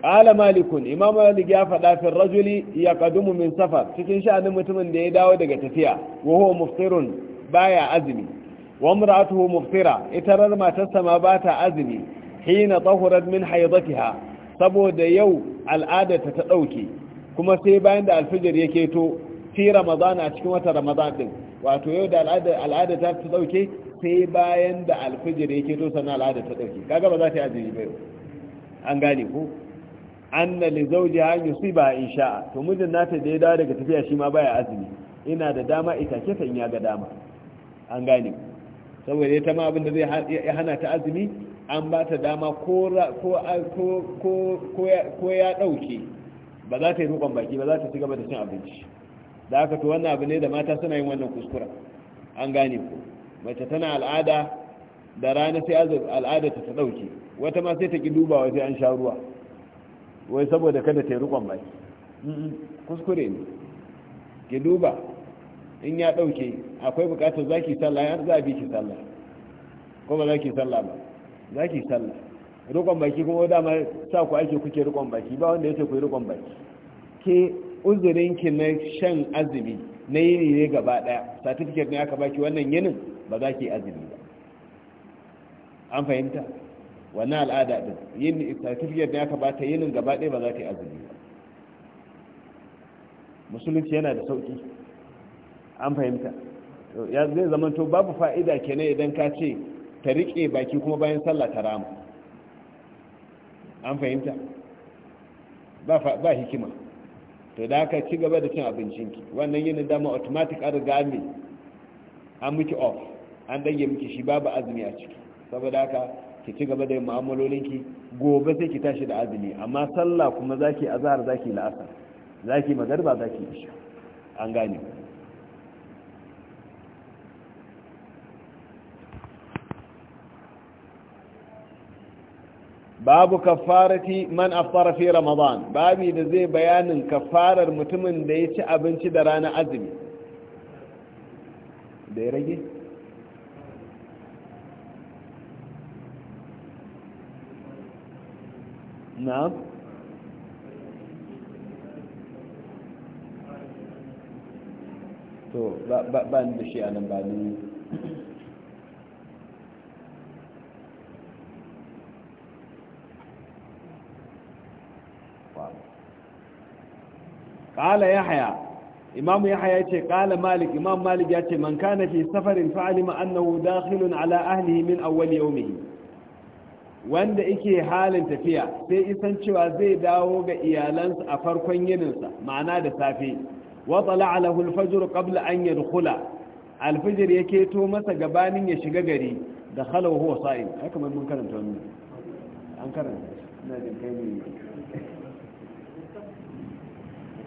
ƙala malikun imam malik ya faɗa fin rajuli ya kadumu min safar cikin sha'anin mutumin da ya dawo daga tafiya wa huwa muftirun baya azumi wa mar'atuhu muftira ita rar matarsa ma ba ta azumi hina tahurat min haidatiha saboda yau al'ada ta dauke kuma sai bayan da alfijir yake to fi ramadan a cikin wata ramadan din wato yau da al'ada ta ta dauke sai bayan da alfijir yake to sannan al'ada ta dauke kaga ba za ta yi azumi ba an gane ko anna li zawjiha yusiba in sha'a to mijin nata da ya dawo daga tafiya shi ma baya azumi ina da dama ita kisa in ya ga dama an gane saboda ita ma abin da zai hana ta azumi an ba ta dama ko ya ɗauke ba za ta yi rukon baki ba za ta ci gaba da cin abinci da aka to wannan abu ne da mata suna yin wannan kuskura an gane ku mace tana al'ada da rana sai al'ada ta ta ɗauke wata ma sai ta ki dubawa sai an sha ruwa wai saboda kada ta yi rukon baki kuskure ne ki duba in ya ɗauke akwai buƙatar za ki sallah yar za a bi ki sallah ko ba za ki sallah ba za ki sallah rikon baki kuma dama sa ku ake kuke rikon baki ba wanda ya ce ku yi rikon baki ke uzurinki na shan azumi na yi ne gaba ɗaya satifiket ne aka baki wannan yinin ba za ki azumi ba an fahimta wannan al'ada ɗin yin satifiket ne aka bata yinin gaba ɗaya ba za ta yi azumi ba musulunci yana da sauki an fahimta ya zai zama to babu fa'ida ne idan ka ce ta riƙe baki kuma bayan sallah ta rama an fahimta ba hikima to da aka ci gaba da cin abincinki wannan yin dama automatic an riga ne an miki off an dage miki shi babu azumi a ciki saboda haka ki ci gaba da yin mu'amalolinki gobe sai ki tashi da azumi amma sallah kuma zaki azhar zaki la'asar zaki magarba zaki isha an gane babu kafarati man afara fi ramadan babu da zai bayanin kafarar mutumin da ya ci abinci da rana azumi da rage na to ba da shi anan ba qala yahya imamu yahya ce qala malik imam malik ya ce man kana fi safarin fa'alima annahu dakhilun ala ahlihi min awwal yawmihi wanda ike halin tafiya sai isan cewa zai dawo ga iyalansa a farkon yininsa ma'ana da safe watsala tala'a lahu al-fajr qabla an yadkhula al-fajr yake to masa gabanin ya shiga gari da khalahu huwa sa'im haka mun karanta wannan an karanta ina jin ne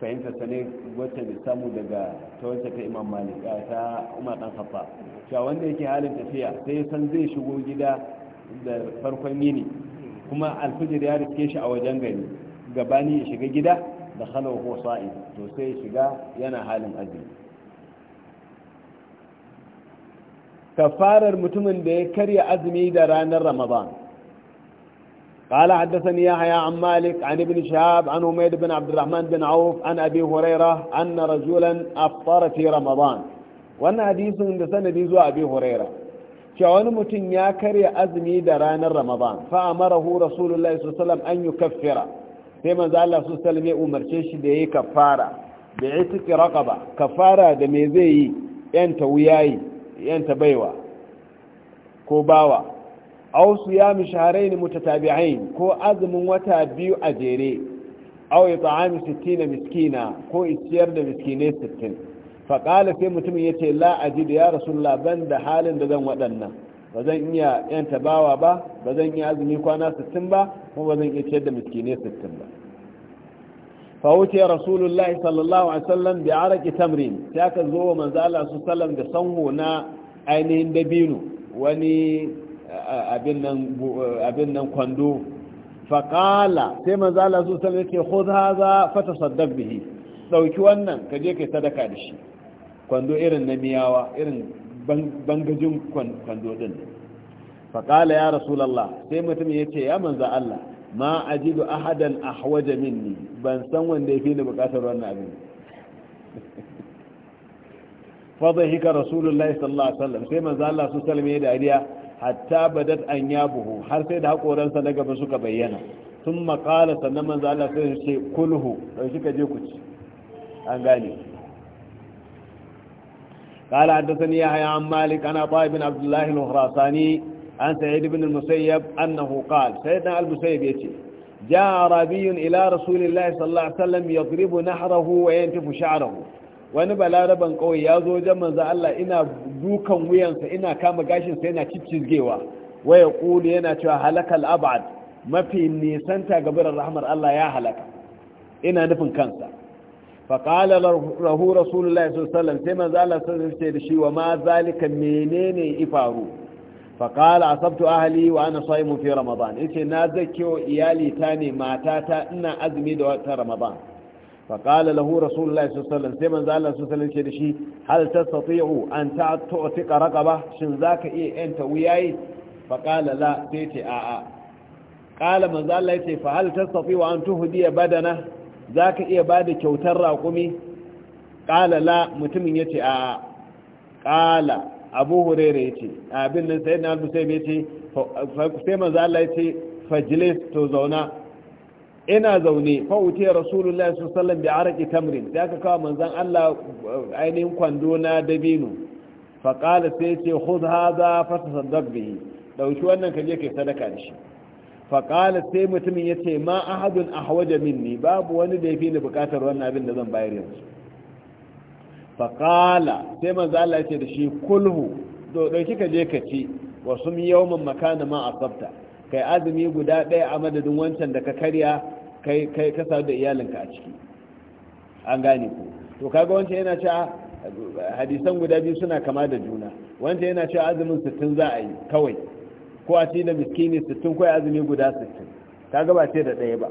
fahimta ta ne wacce da samu daga ta wacce ta imam malik ta umar dan haffa cewa wanda yake halin tafiya sai san zai shigo gida da farkon yini kuma alfijir ya rike shi a wajen gari gabani ya shiga gida da halau ko sa'i to sai shiga yana halin azumi kafarar mutumin da ya karya azumi da ranar ramadan قال حدثني يحيى عن مالك عن ابن شهاب عن حميد بن عبد الرحمن بن عوف عن أبي هريرة أن رجلا أفطر في رمضان وأن حديث عند سند أبي هريرة شعون متن يا كري أزمي دران رمضان فأمره رسول الله صلى الله عليه وسلم أن يكفر كما قال الله صلى الله عليه وسلم يأمرشيش به كفارة بعتك رقبة كفارة دميزي أنت وياي أنت بيوة كوباوة aw siyam shahrayn mutatabi'ain ko azumin wata biyu a jere aw it'am 60 miskina ko isyar da miskine 60 fa qala sai mutumin yace la ajid ya rasulullah ban da halin da zan wadannan bazan iya yan tabawa ba bazan iya azumi kwana 60 ba ko bazan iya ciyar da miskine 60 ba fa wuce rasulullah sallallahu alaihi wasallam bi araki tamrin sai aka zo manzo Allah sallallahu alaihi wasallam da sanho na ainihin dabino wani abin nan kwando faƙala sai Manzala Allah su sanar alaihi wasallam yake khudh hadha bihi ɗauki wannan ka je ka yi sadaka da shi kwando irin na miyawa irin bangajin kwando din faƙala ya lalla sai mutum ya ce ya manza Allah ma a a ahadan ahwaja minni ban san wanda ya fi ni buƙatar wannan abin fadhika rasulullah sallallahu alaihi wasallam sai manzo Allah su sallallahu da ariya hatta badat an yabuhu har sai da hakoransa na gaba suka bayyana sun makala sannan manzo Allah sai ce kulhu dan suka je ku ci an gane قال حدثني يحيى عن مالك عن عطاء بن عبد الله الخراساني عن سعيد بن المسيب أنه قال سيدنا المسيب يتي جاء عربي إلى رسول الله صلى الله عليه وسلم يضرب نحره وينتف شعره wani balaraban kawai ya zo wajen manzo Allah ina dukan wuyansa ina kama gashin sa yana ciccizgewa waya kulu yana cewa halakal abad mafi nisanta ta birar rahmar Allah ya halaka ina nufin kansa fa qala lahu rasulullahi sallallahu alaihi wasallam sai manzo Allah sallallahu alaihi da shi wa ma zalika menene ifaru fa qala asabtu ahli wa ana saimu fi ramadan yace na zakiyo iyali ta ne matata ina azumi da watan ramadan فقال له رسول الله صلى الله عليه وسلم سيما زال الله صلى الله عليه وسلم شيء هل تستطيع أن تعتق رقبة شنزاك إيه أنت وياي فقال لا تيتي آآ قال من زال الله يتي فهل تستطيع أن تهدي بدنه ذاك إيه بعد كوتر راقمي قال لا متمن يتي آآ قال أبو هريرة يتي أبن سيدنا المسيب يتي سيما زال الله يتي فجلس تزونا ina zaune fa wuce rasulullahi sallallahu alaihi bi araki tamrin da aka kawo manzon Allah eh, ainihin kwando na dabino fa qala sai ce khudh hadha fa tasaddaq bihi dauki wannan kaje kai sadaka da shi fa qala sai mutumin yace ma ahadun ahwaja minni babu wani da yafi ni bukatar wannan abin da zan bayar yanzu fa qala sai manzon Allah yace da shi kulhu dauki kaje ka ci wasu yawman makana ma asabta kai azumi guda ɗaya a madadin wancan da ka karya kai ka sadu da iyalinka a ciki an gane ku to kaga wancan yana cewa hadisan guda biyu suna kama da juna wancan yana cewa azumin sittin za a yi kawai ko a ce da miskini sittin ko azumi guda 60 kaga ba ce da ɗaya ba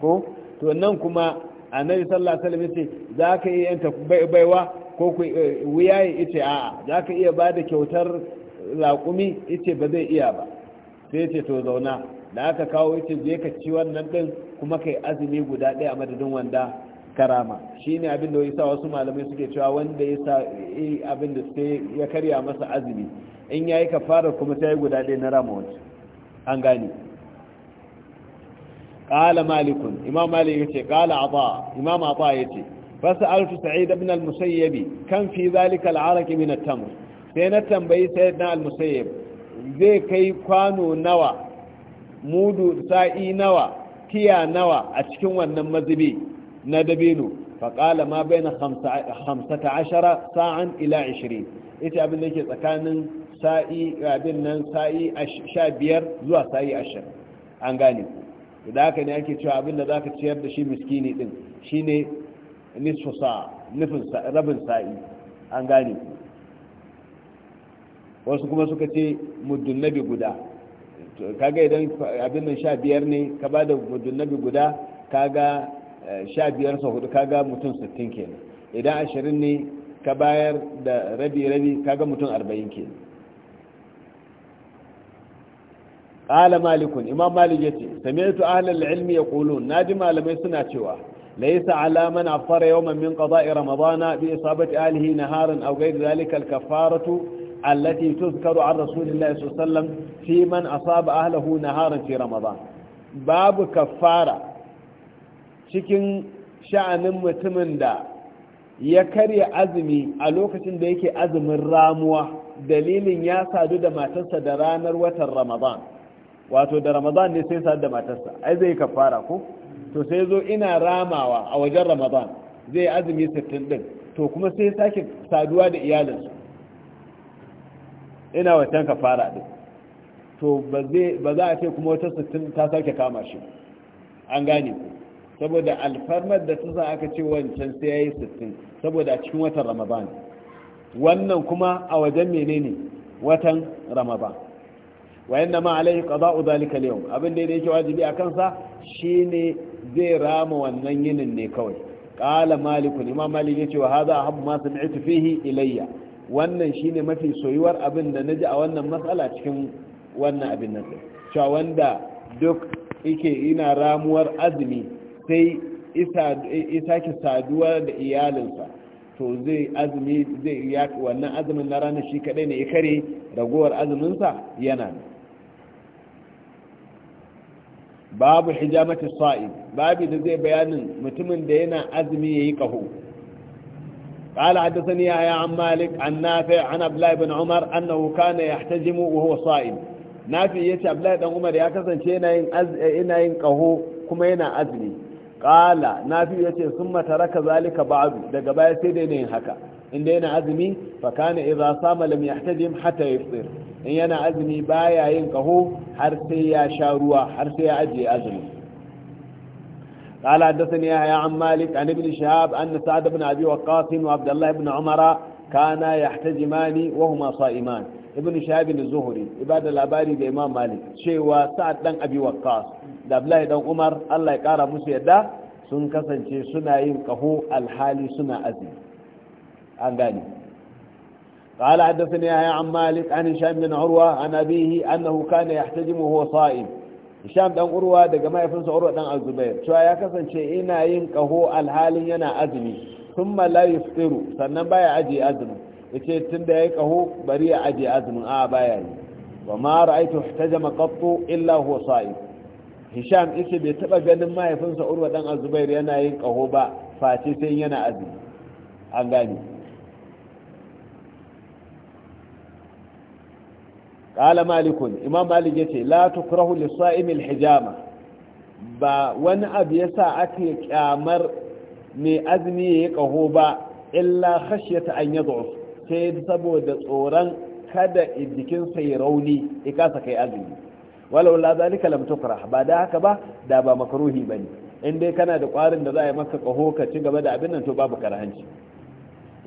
ko to nan kuma annabi sallallahu alaihi wasallam yace za ka iya yanta baiwa ko ku eh, wuya ya ce a'a za ka iya ba da kyautar ya ce ba zai iya ba sai ce to zauna da aka kawo ita je ka ci wannan din kuma kai azumi guda ɗaya a madadin wanda karama shine abin da yasa wasu malamai suke cewa wanda yasa eh, abin da sai ya karya masa azumi in yayi kafara kuma sai guda ɗaya na rama wacce an gane قال مالك امام مالك يتي قال sa'id ibn al-musayyib kan fi بن al كم min ذلك tamr sai na tambayi sayyidna al-musayyib zai kai kwano nawa mudu sa'i nawa kiya nawa a cikin wannan mazubi na dabino faƙala ma bai na hamsata ashara sa'an ila ashirin ita abin da ke tsakanin sa'i abin nan sa'i sha biyar zuwa sa'i ashirin an gane ku da haka ne ake cewa abin da za ka ciyar da shi miskini din shi ne nufin rabin sa'i an gane ku wasu kuma suka ce muddun nabi guda kaga idan abin nan sha biyar ne ka ba da muddun nabi guda kaga eh, sha biyar sau hudu kaga mutum sittin kenan idan ashirin ne ka bayar da rabi rabi kaga mutum arba'in kenan qala malikun imam malik yace sami'tu ahlal ilmi yaqulun nadi malamai suna cewa ليس على من أفطر يوما من قضاء رمضان بإصابة أهله نهارا أو غير ذلك الكفارة التي تذكر عن رسول الله صلى الله عليه وسلم في من أصاب أهله نهارا في رمضان باب كفارة cikin sha'anin mutumin da ya karya azumi a lokacin da yake azumin ramuwa dalilin ya sadu da matarsa da ranar watan ramadan wato da ramadan ne sai sadu da matarsa ai zai kafara ko to sai zo ina ramawa a wajen ramadan zai yi azumi sittin ɗin, to kuma sai sake saduwa da iyalinsu ina wancan fara din to ba za a ce kuma wata sittin ta sake kama shi an gane ku saboda alfarmar da ta sa aka ce wancan sai ya yi sittin saboda a cikin watan ramadan wannan kuma a wajen menene watan ramadan wayan da ma alaihi qada'u zalika al abin da yake wajibi a kansa shine zai rama wannan yinin ne kawai qala maliku imam malik yace wa hadha habu ma sami'tu fihi ilayya wannan shine mafi soyuwar abin da na ji a wannan matsala cikin wannan abin nan cewa wanda duk yake ina ramuwar azumi sai isa ki saduwa da iyalinsa to zai azumi zai ya wannan azumin na ranar shi kadai ne ya kare ragowar azuminsa yana ne babu hijamati sa'i babu da zai bayanin mutumin da yana azumi yayi kaho قال حدثني يا عن مالك عن نافع عن عبد الله بن عمر أنه كان يحتجم وهو صائم نافع يتي عبد الله بن عمر يا كسن ina yin kaho kuma yana azumi qala nafi yace sun mata raka zalika ba'd daga baya sai dai ne haka inda yana azumi fa kana idza sama lam yahtajim hatta yafṭir in yana azumi baya yin kaho har sai ya sha ruwa har sai ya ajiye azumi قال حدثني يحيى عن مالك عن ابن شهاب أن سعد بن أبي وقاص وعبد الله بن عمر كانا يحتجمان وهما صائمان ابن شهاب الزهري عباد الأباري بإمام مالك شيوا سعد بن أبي وقاص da Abdullahi dan Umar Allah ya kara musu yadda sun kasance suna yin kaho alhali suna azumi an gane قال حدثني يحيى عن مالك عن هشام بن عروة عن أبيه أنه كان يحتجم وهو صائم hisham dan urwa daga mahaifinsa urwa dan azubair cewa ya kasance ina yin kaho alhalin yana azumi thumma la yusiru sannan baya aje azumi yace tunda yayi kaho bari ya aje azumin a baya yi wa ma ra'aytu ihtajama qattu illa huwa sa'i hisham yace bai taɓa ganin mahaifinsa urwa dan azubair yana yin kaho ba face sai yana azumi an gani qala alikun imam malik yace la tukrahu lis-sa'imi al-hijama ba wani abu yasa ake kyamar mai azumi yayi kaho ba illa khashyata an yad'u sai saboda tsoron kada jikin sai rauni ya kasa kai azumi walaula la zalika lam tukrah ba da haka ba da ba makruhi bane in dai kana da kwarin da za a yi maka kaho ka ci gaba da abin nan to babu karhanci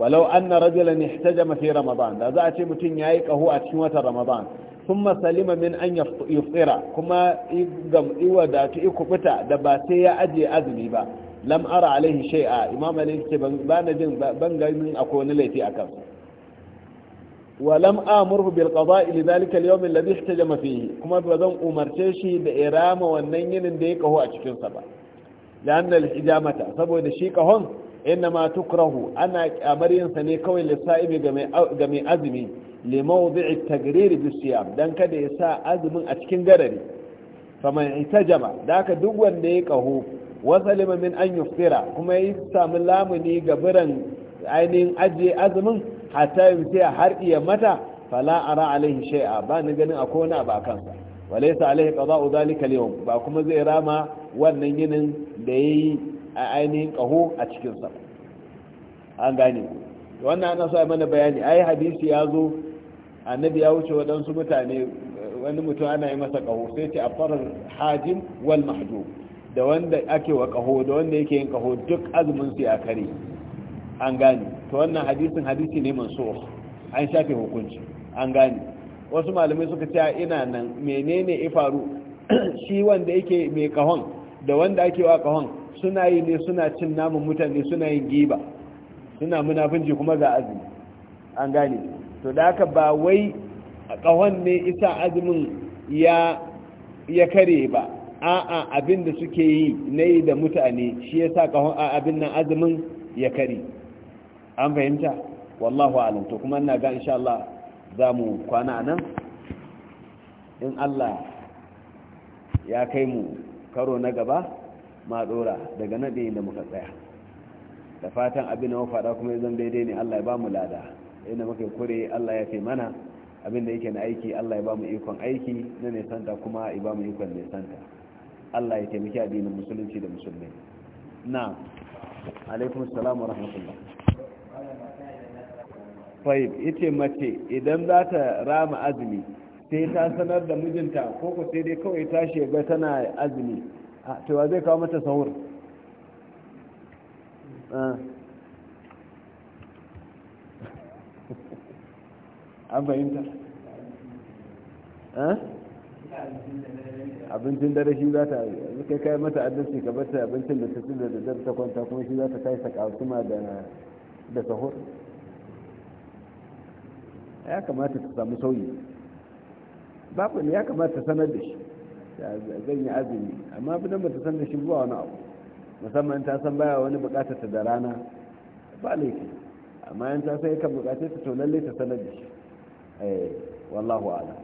walau anna rajulan ihtajama fi ramadan da za a ce mutum yi kaho a cikin watan ramadan thumma salima min an yufira kuma igam iwa da ta ikubuta da ba sai ya ajiye azumi ba lam alaihi shai'a imam ali ce ban jin ban ganin akwai wani laifi akan ولم آمره بالقضاء لذلك اليوم الذي احتجم فيه كما بذن أمرتي شي بإرامة والنين ديك هو أشكين سبا لأن الحجامة saboda دشيك هون ma tukrahu ana kyamar yin sa ne kawai lissa'ibi ga mai azumi limau bi'i tagriri bisiyam dan kada ya sa azumin a cikin garari ita itajama da ka duk wanda ya kaho wasalima min an yuftira kuma ya samu lamuni ga biran ainihin ajiye azumin hatta yumsiya har iya mata fala ara alaihi shay'a ba ni ganin akwai wani abu akan sa walaysa alaihi qada'u dhalika al ba kuma zai rama wannan yinin da yayi a ainihin ƙaho a cikinsa an gane wannan ana sa mana bayani yi hadisi ya zo annabi ya wuce waɗansu mutane wani mutum ana yi masa ƙaho sai ce a farar hajin wal mahdu da wanda ake wa ƙaho da wanda yake yin ƙaho duk azumin su ya kare an gane to wannan hadisin hadisi ne mansur an shafe hukunci an gane wasu malamai suka ce ina nan menene ya faru shi wanda yake mai kahon da wanda ake wa kahon suna yi ne suna cin namun mutane suna yin giba suna munafinci kuma za azumi an gane to da haka ba wai a ne isa azumin ya ya kare ba a'a abin da suke yi na yi da mutane shi ya sa ƙahon a abin nan azumin ya kare an fahimta wallahu alam to kuma ina ga insha Allah za mu kwana nan in Allah ya kai mu karo na gaba ma dora daga naɗe da muka tsaya da fatan abin da muka faɗa kuma zan daidai ne allah ya ba mu lada inda muka kure allah ya fi mana abin da yake na aiki allah ya ba mu ikon aiki na santa kuma ya ba mu ikon santa. allah ya taimaki addinin musulunci da musulmi na alaikum salam wa rahmatullah fahim ita mace idan za ta rama azumi sai ta sanar da mijinta ko ku sai dai kawai tashi ga tana azumi to wa zai kawo mata sahur an bayinta abincin dare shi za ta kai kai mata adalci ka bata abincin da ta ci da daddar ta kwanta kuma shi za ta kai kuma da sahur ya kamata ta samu sauyi babu ne ya kamata ta sanar da shi zan yi azumi amma fi nan ba ta san da shi zuwa wani abu musamman ta san baya wani bukatar ta da rana ba laifi amma yan ta sai kan bukatar ta to lalle ta sanar da shi eh wallahu ala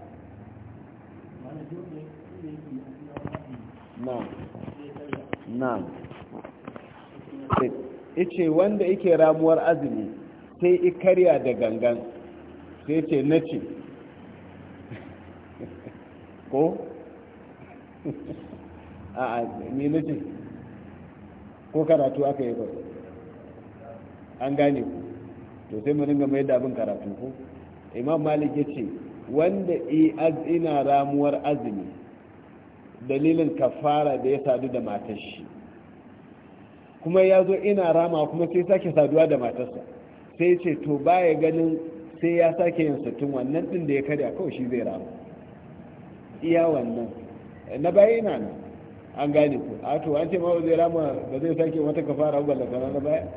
na'am na'am ice wanda yake ramuwar azumi sai ikarya da gangan sai ce na ce ko a me nace ko karatu aka yi kawai an gane ku to sai mun dinga mai da abin karatu ko imam malik ya ce wanda ina ramuwar azumi dalilin kafara da ya sadu da matar shi kuma ya zo ina rama kuma sai sake saduwa da matarsa sai ce to baya ganin sai ya sake yin sutun wannan din da ya karya kawai shi zai rama iya wannan na baya na nan an gane ku a to an ce ma ba zai rama ba zai sake wata kafara ba lafana na baya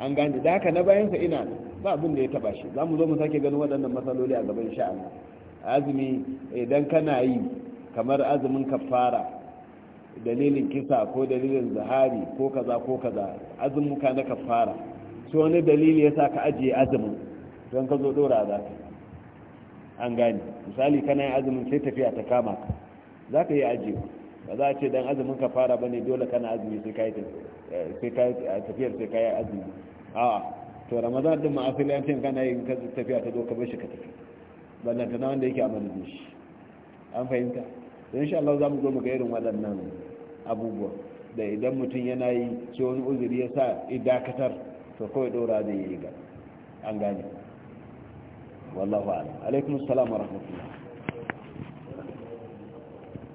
an gane da haka na bayansa ina nan ba abin da ya taba shi za mu zo mu sake ganin waɗannan matsaloli a gaban sha Allah azumi idan kana yi kamar azumin kafara dalilin kisa ko dalilin zahari ko kaza ko kaza ka na kafara to wani dalili yasa ka ajiye azumin don ka zo dora za ka an gane misali kana yin azumin sai tafiya ta kama ka za ka yi aji ba za a ce dan azumin ka fara ba ne dole kana azumi sai ka yi eh, tafiyar sai ka yi azumi a to ramadan din ma'asili an cin kana yin tafiya ta zo ka bar shi ka tafi ballanta na wanda yake a madadin shi an fahimta don insha Allah za mu zo mu ga irin waɗannan abubuwa da idan mutum yana yi sai wani uzuri ya sa idakatar to kawai ɗora zai yi ga an gane wallahu a'lam alaikum assalam wa rahmatullah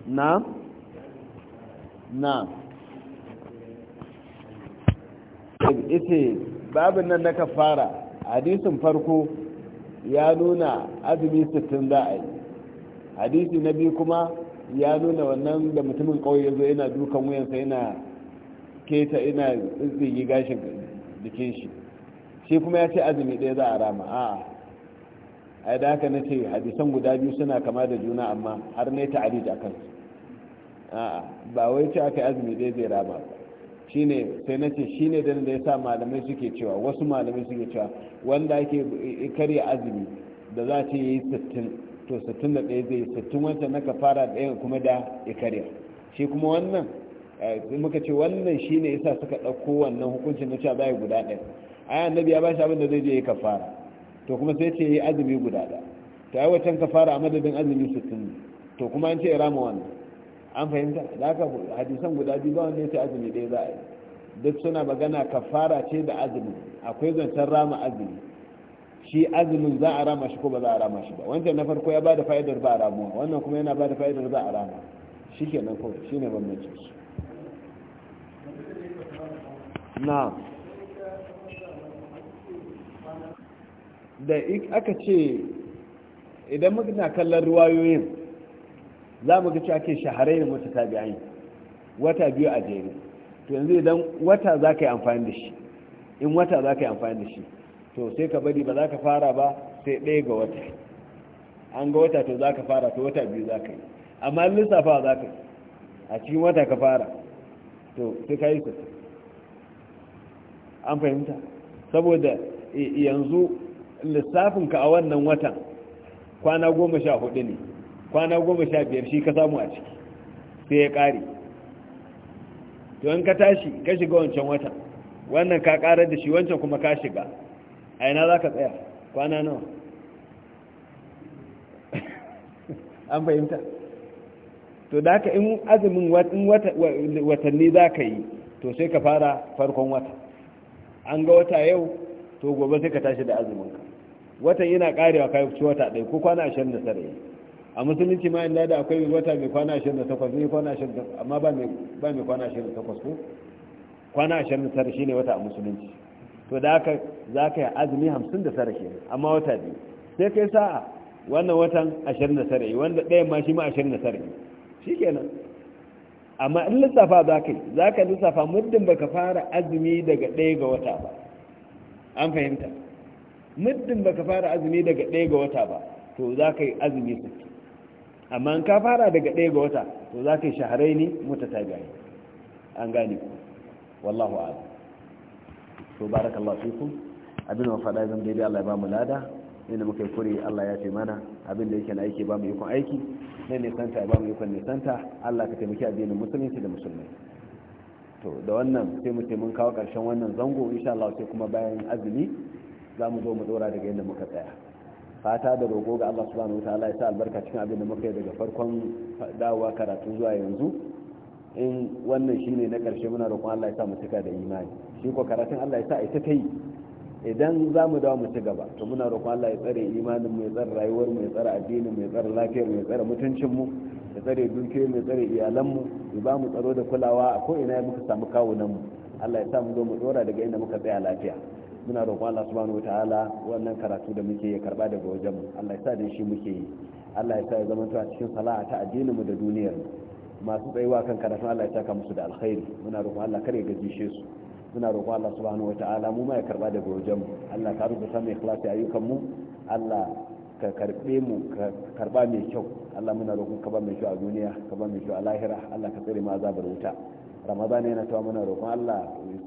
na na ita babin nan na kafara hadisin farko ya nuna azumi sittin za a yi hadisi na biyu kuma ya nuna wannan da mutumin kawai ya zo yana dukan wuyansa yana keta yana tsitsigi gashin jikin shi shi kuma ya ce azumi ɗaya za a rama a ai da haka nace hadisan guda biyu suna kama da juna amma har ne ta'arij akan a'a ba wai ce aka azumi dai zai raba shine sai nace shine dan da yasa malamai suke cewa wasu malamai suke cewa wanda ake karya azumi da za ta yi 60 to 61 zai yi 60 wancan na fara ɗaya kuma da ikarya shi kuma wannan eh, muka ce wannan shine yasa suka ɗauko wannan hukuncin na cewa za guda ɗaya ai annabi ya ba shi abin da zai je ya kafara to kuma sai ce ya azumi guda da ta yi wacan ka fara a madadin azumi 60 to kuma an ce ya rama wannan an fahimta da aka hadisan guda biyu ba wanda ya ce azumi ɗaya za a yi duk suna magana fara ce da azumi akwai zancen rama azumi shi azumin za a rama shi ko ba za a rama shi ba wancan na farko ya ba da fa'idar ba a ramuwa wannan kuma yana ba da fa'idar za a rama shi ke nan kawai shi ne bambancin su na'am da aka ce idan muka na kallon ruwayoyin za mu ga cewa ke shaharai ne mata ta biyayi wata biyu a jere to yanzu idan wata za ka yi amfani da shi in wata za ka yi amfani da shi to sai ka bari ba za ka fara ba sai ɗaya ga wata an ga wata to za ka fara to wata biyu za ka yi amma lissafa za ka yi a cikin wata ka fara to sai ka yi su an fahimta saboda eh, yanzu lissafinka a wannan watan kwana goma sha hudu ne kwana goma sha biyar shi ka samu a ciki sai ya ƙare to in ka tashi ka shiga wancan watan wannan ka ƙarar da shi wancan kuma ka shiga a yana za ka tsaya kwana nawa an fahimta to da haka in azumin watanni za ka yi to sai ka fara farkon wata an ga wata yau to gobe sai ka tashi da azuminka watan yana karewa kai ci wata ɗaya ko kwana ashirin da tara a musulunci ma inda da akwai wata mai kwana ashirin da takwas ne kwana ashirin da amma ba mai kwana ashirin da takwas ko kwana ashirin da tara shine wata a musulunci to da haka za ka yi azumi hamsin da tara kenan amma wata biyu sai kai sa'a wannan watan ashirin da tara wanda ɗayan ma shi ma ashirin da tara shi kenan amma in lissafa za ka yi za ka lissafa muddin baka fara azumi daga ɗaya ga wata ba an fahimta muddin ba ka fara azumi daga ɗaya ga wata ba to za ka yi azumi su amma ka fara daga ɗaya ga wata to za ka yi shaharai ne mutu ta gani. an gane ku wallahu azu to barakallahu ku abin da faɗa zan daidai Allah ya ba mu lada inda muka yi kuri Allah ya ce mana abin da yake na aiki ba mu kun aiki na nisanta ba mu ikon nisanta Allah ka taimaki addinin musulunci da musulmai to da wannan sai mu mun kawo ƙarshen wannan zango insha Allah sai kuma bayan azumi za mu zo mu dora daga yadda muka tsaya fata da rogo ga Allah subhanahu wa ta'ala ya sa albarka cikin abin da muka yi daga farkon dawowa karatu zuwa yanzu in wannan shine na ƙarshe, muna roƙon Allah ya sa mu cika da imani shi ko karatun Allah ya sa ita ta yi idan za mu dawo mu ci gaba to muna roƙon Allah ya tsare imanin mu ya tsare rayuwar mu ya tsare addinin mu ya tsare lafiyar mu ya tsare mutuncin mu ya tsare dukiyoyin mu ya tsare iyalan mu ya ba mu tsaro da kulawa a ko ina ya muka samu kawunan mu Allah ya sa mu zo mu dora daga inda muka tsaya lafiya muna roƙon Allah subhanahu wataala wannan karatu da muke karba daga wajen mu Allah ya sa da shi muke yi Allah ya sa ya zama a cikin sala'a ta addinin mu da duniyar masu tsayuwa kan karatu Allah ya saka musu da alkhairi muna roƙon Allah kar ya jishe su muna roƙon Allah subhanahu wataala mu ma ya karba daga wajen mu Allah ka rubuta mu ikhlasi ayyukan mu Allah ka karbe mu ka karba mai kyau Allah muna roƙon ka ba mai kyau a duniya ka ba mai kyau a lahira Allah ka tsare mu azabar wuta ramadan yana tawa muna roƙon Allah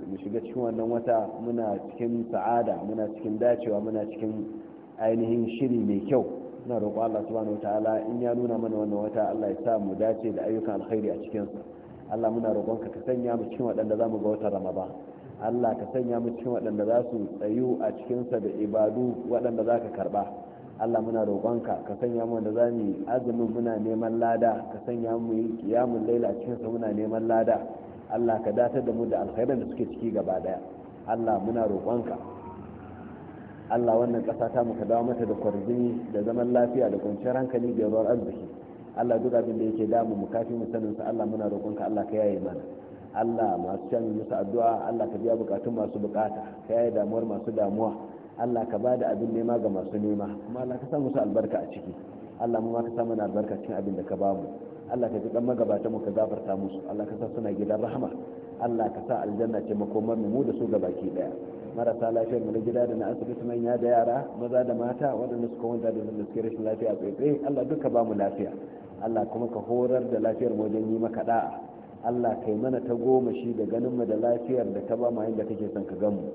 mu shiga cikin wannan wata muna cikin sa'ada muna cikin dacewa muna cikin ainihin shiri mai kyau muna roƙon Allah subhanahu wataala in ya nuna mana wannan wata Allah ya sa mu dace da ayyukan alkhairi a cikin sa Allah muna roƙon ka ka sanya mu cikin waɗanda mu ga watan ramadan Allah ka sanya mu cikin waɗanda za su tsayu a cikin da ibadu waɗanda za ka karba Allah muna roƙonka ka sanya mu wanda za mu azumin muna neman lada ka sanya mu yi kiyamun laila a cikin muna neman lada Allah ka datar da mu da alkhairan da suke ciki gaba daya Allah muna roƙonka Allah wannan ƙasa ta muka dawo mata da kwarjini da zaman lafiya da kwanciyar hankali da ruwan arziki Allah duk abin da yake damu mu kafi mu sanin sa Allah muna roƙonka Allah ka yaye mana Allah masu shan musu addu'a Allah ka biya bukatun masu bukata ka yaye damuwar masu damuwa Allah ka ba da abin nema ga masu nema kuma Allah ka sa musu albarka a ciki Allah mu ma ka sa mana albarka cikin abin da ka bamu Allah ka ji dan magabata mu ka gafarta musu Allah ka sa suna gidan rahama Allah ka sa aljanna ce makomar mu da su gabaki daya marasa lafiyar mu na gida da na asibiti manya da yara maza da mata waɗanda suka wanda da wanda suke rashin lafiya tsaitsaye Allah duka ba mu lafiya Allah kuma ka horar da lafiyar wajen yi maka da'a Allah kai mana ta goma shi da ganin mu da lafiyar da ka ba mu yayin da kake son ka gamu.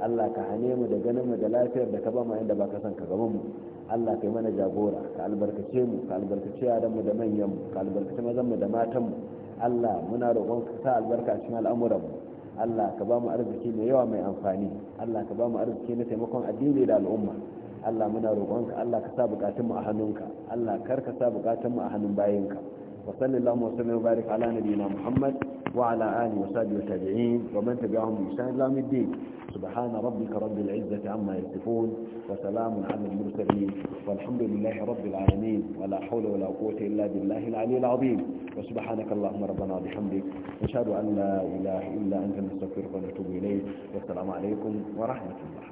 Allah ka hane mu da ganin mu da lafiyar da ka ba mu yayin da baka son ka gamu. mu Allah kai mana jagora ka albarkace mu ka albarkace yaran mu da manyan mu ka albarkace mazan mu da matan mu Allah muna roƙon ka sa albarka cikin al'amuran mu Allah ka ba mu arziki mai yawa mai amfani Allah ka ba mu arziki na taimakon addini da al'umma Allah muna ka Allah ka sa mu a hannunka Allah kar ka sa mu a hannun bayinka وصل اللهم وسلم وبارك على نبينا محمد وعلى آله وصحبه وتابعين ومن تبعهم بإحسان إلى يوم الدين سبحان ربك رب العزة عما يصفون وسلام على المرسلين والحمد لله رب العالمين ولا حول ولا قوة إلا بالله العلي العظيم وسبحانك اللهم ربنا بحمدك نشهد أن لا إله إلا أنت نستغفرك ونتوب إليك والسلام عليكم ورحمة الله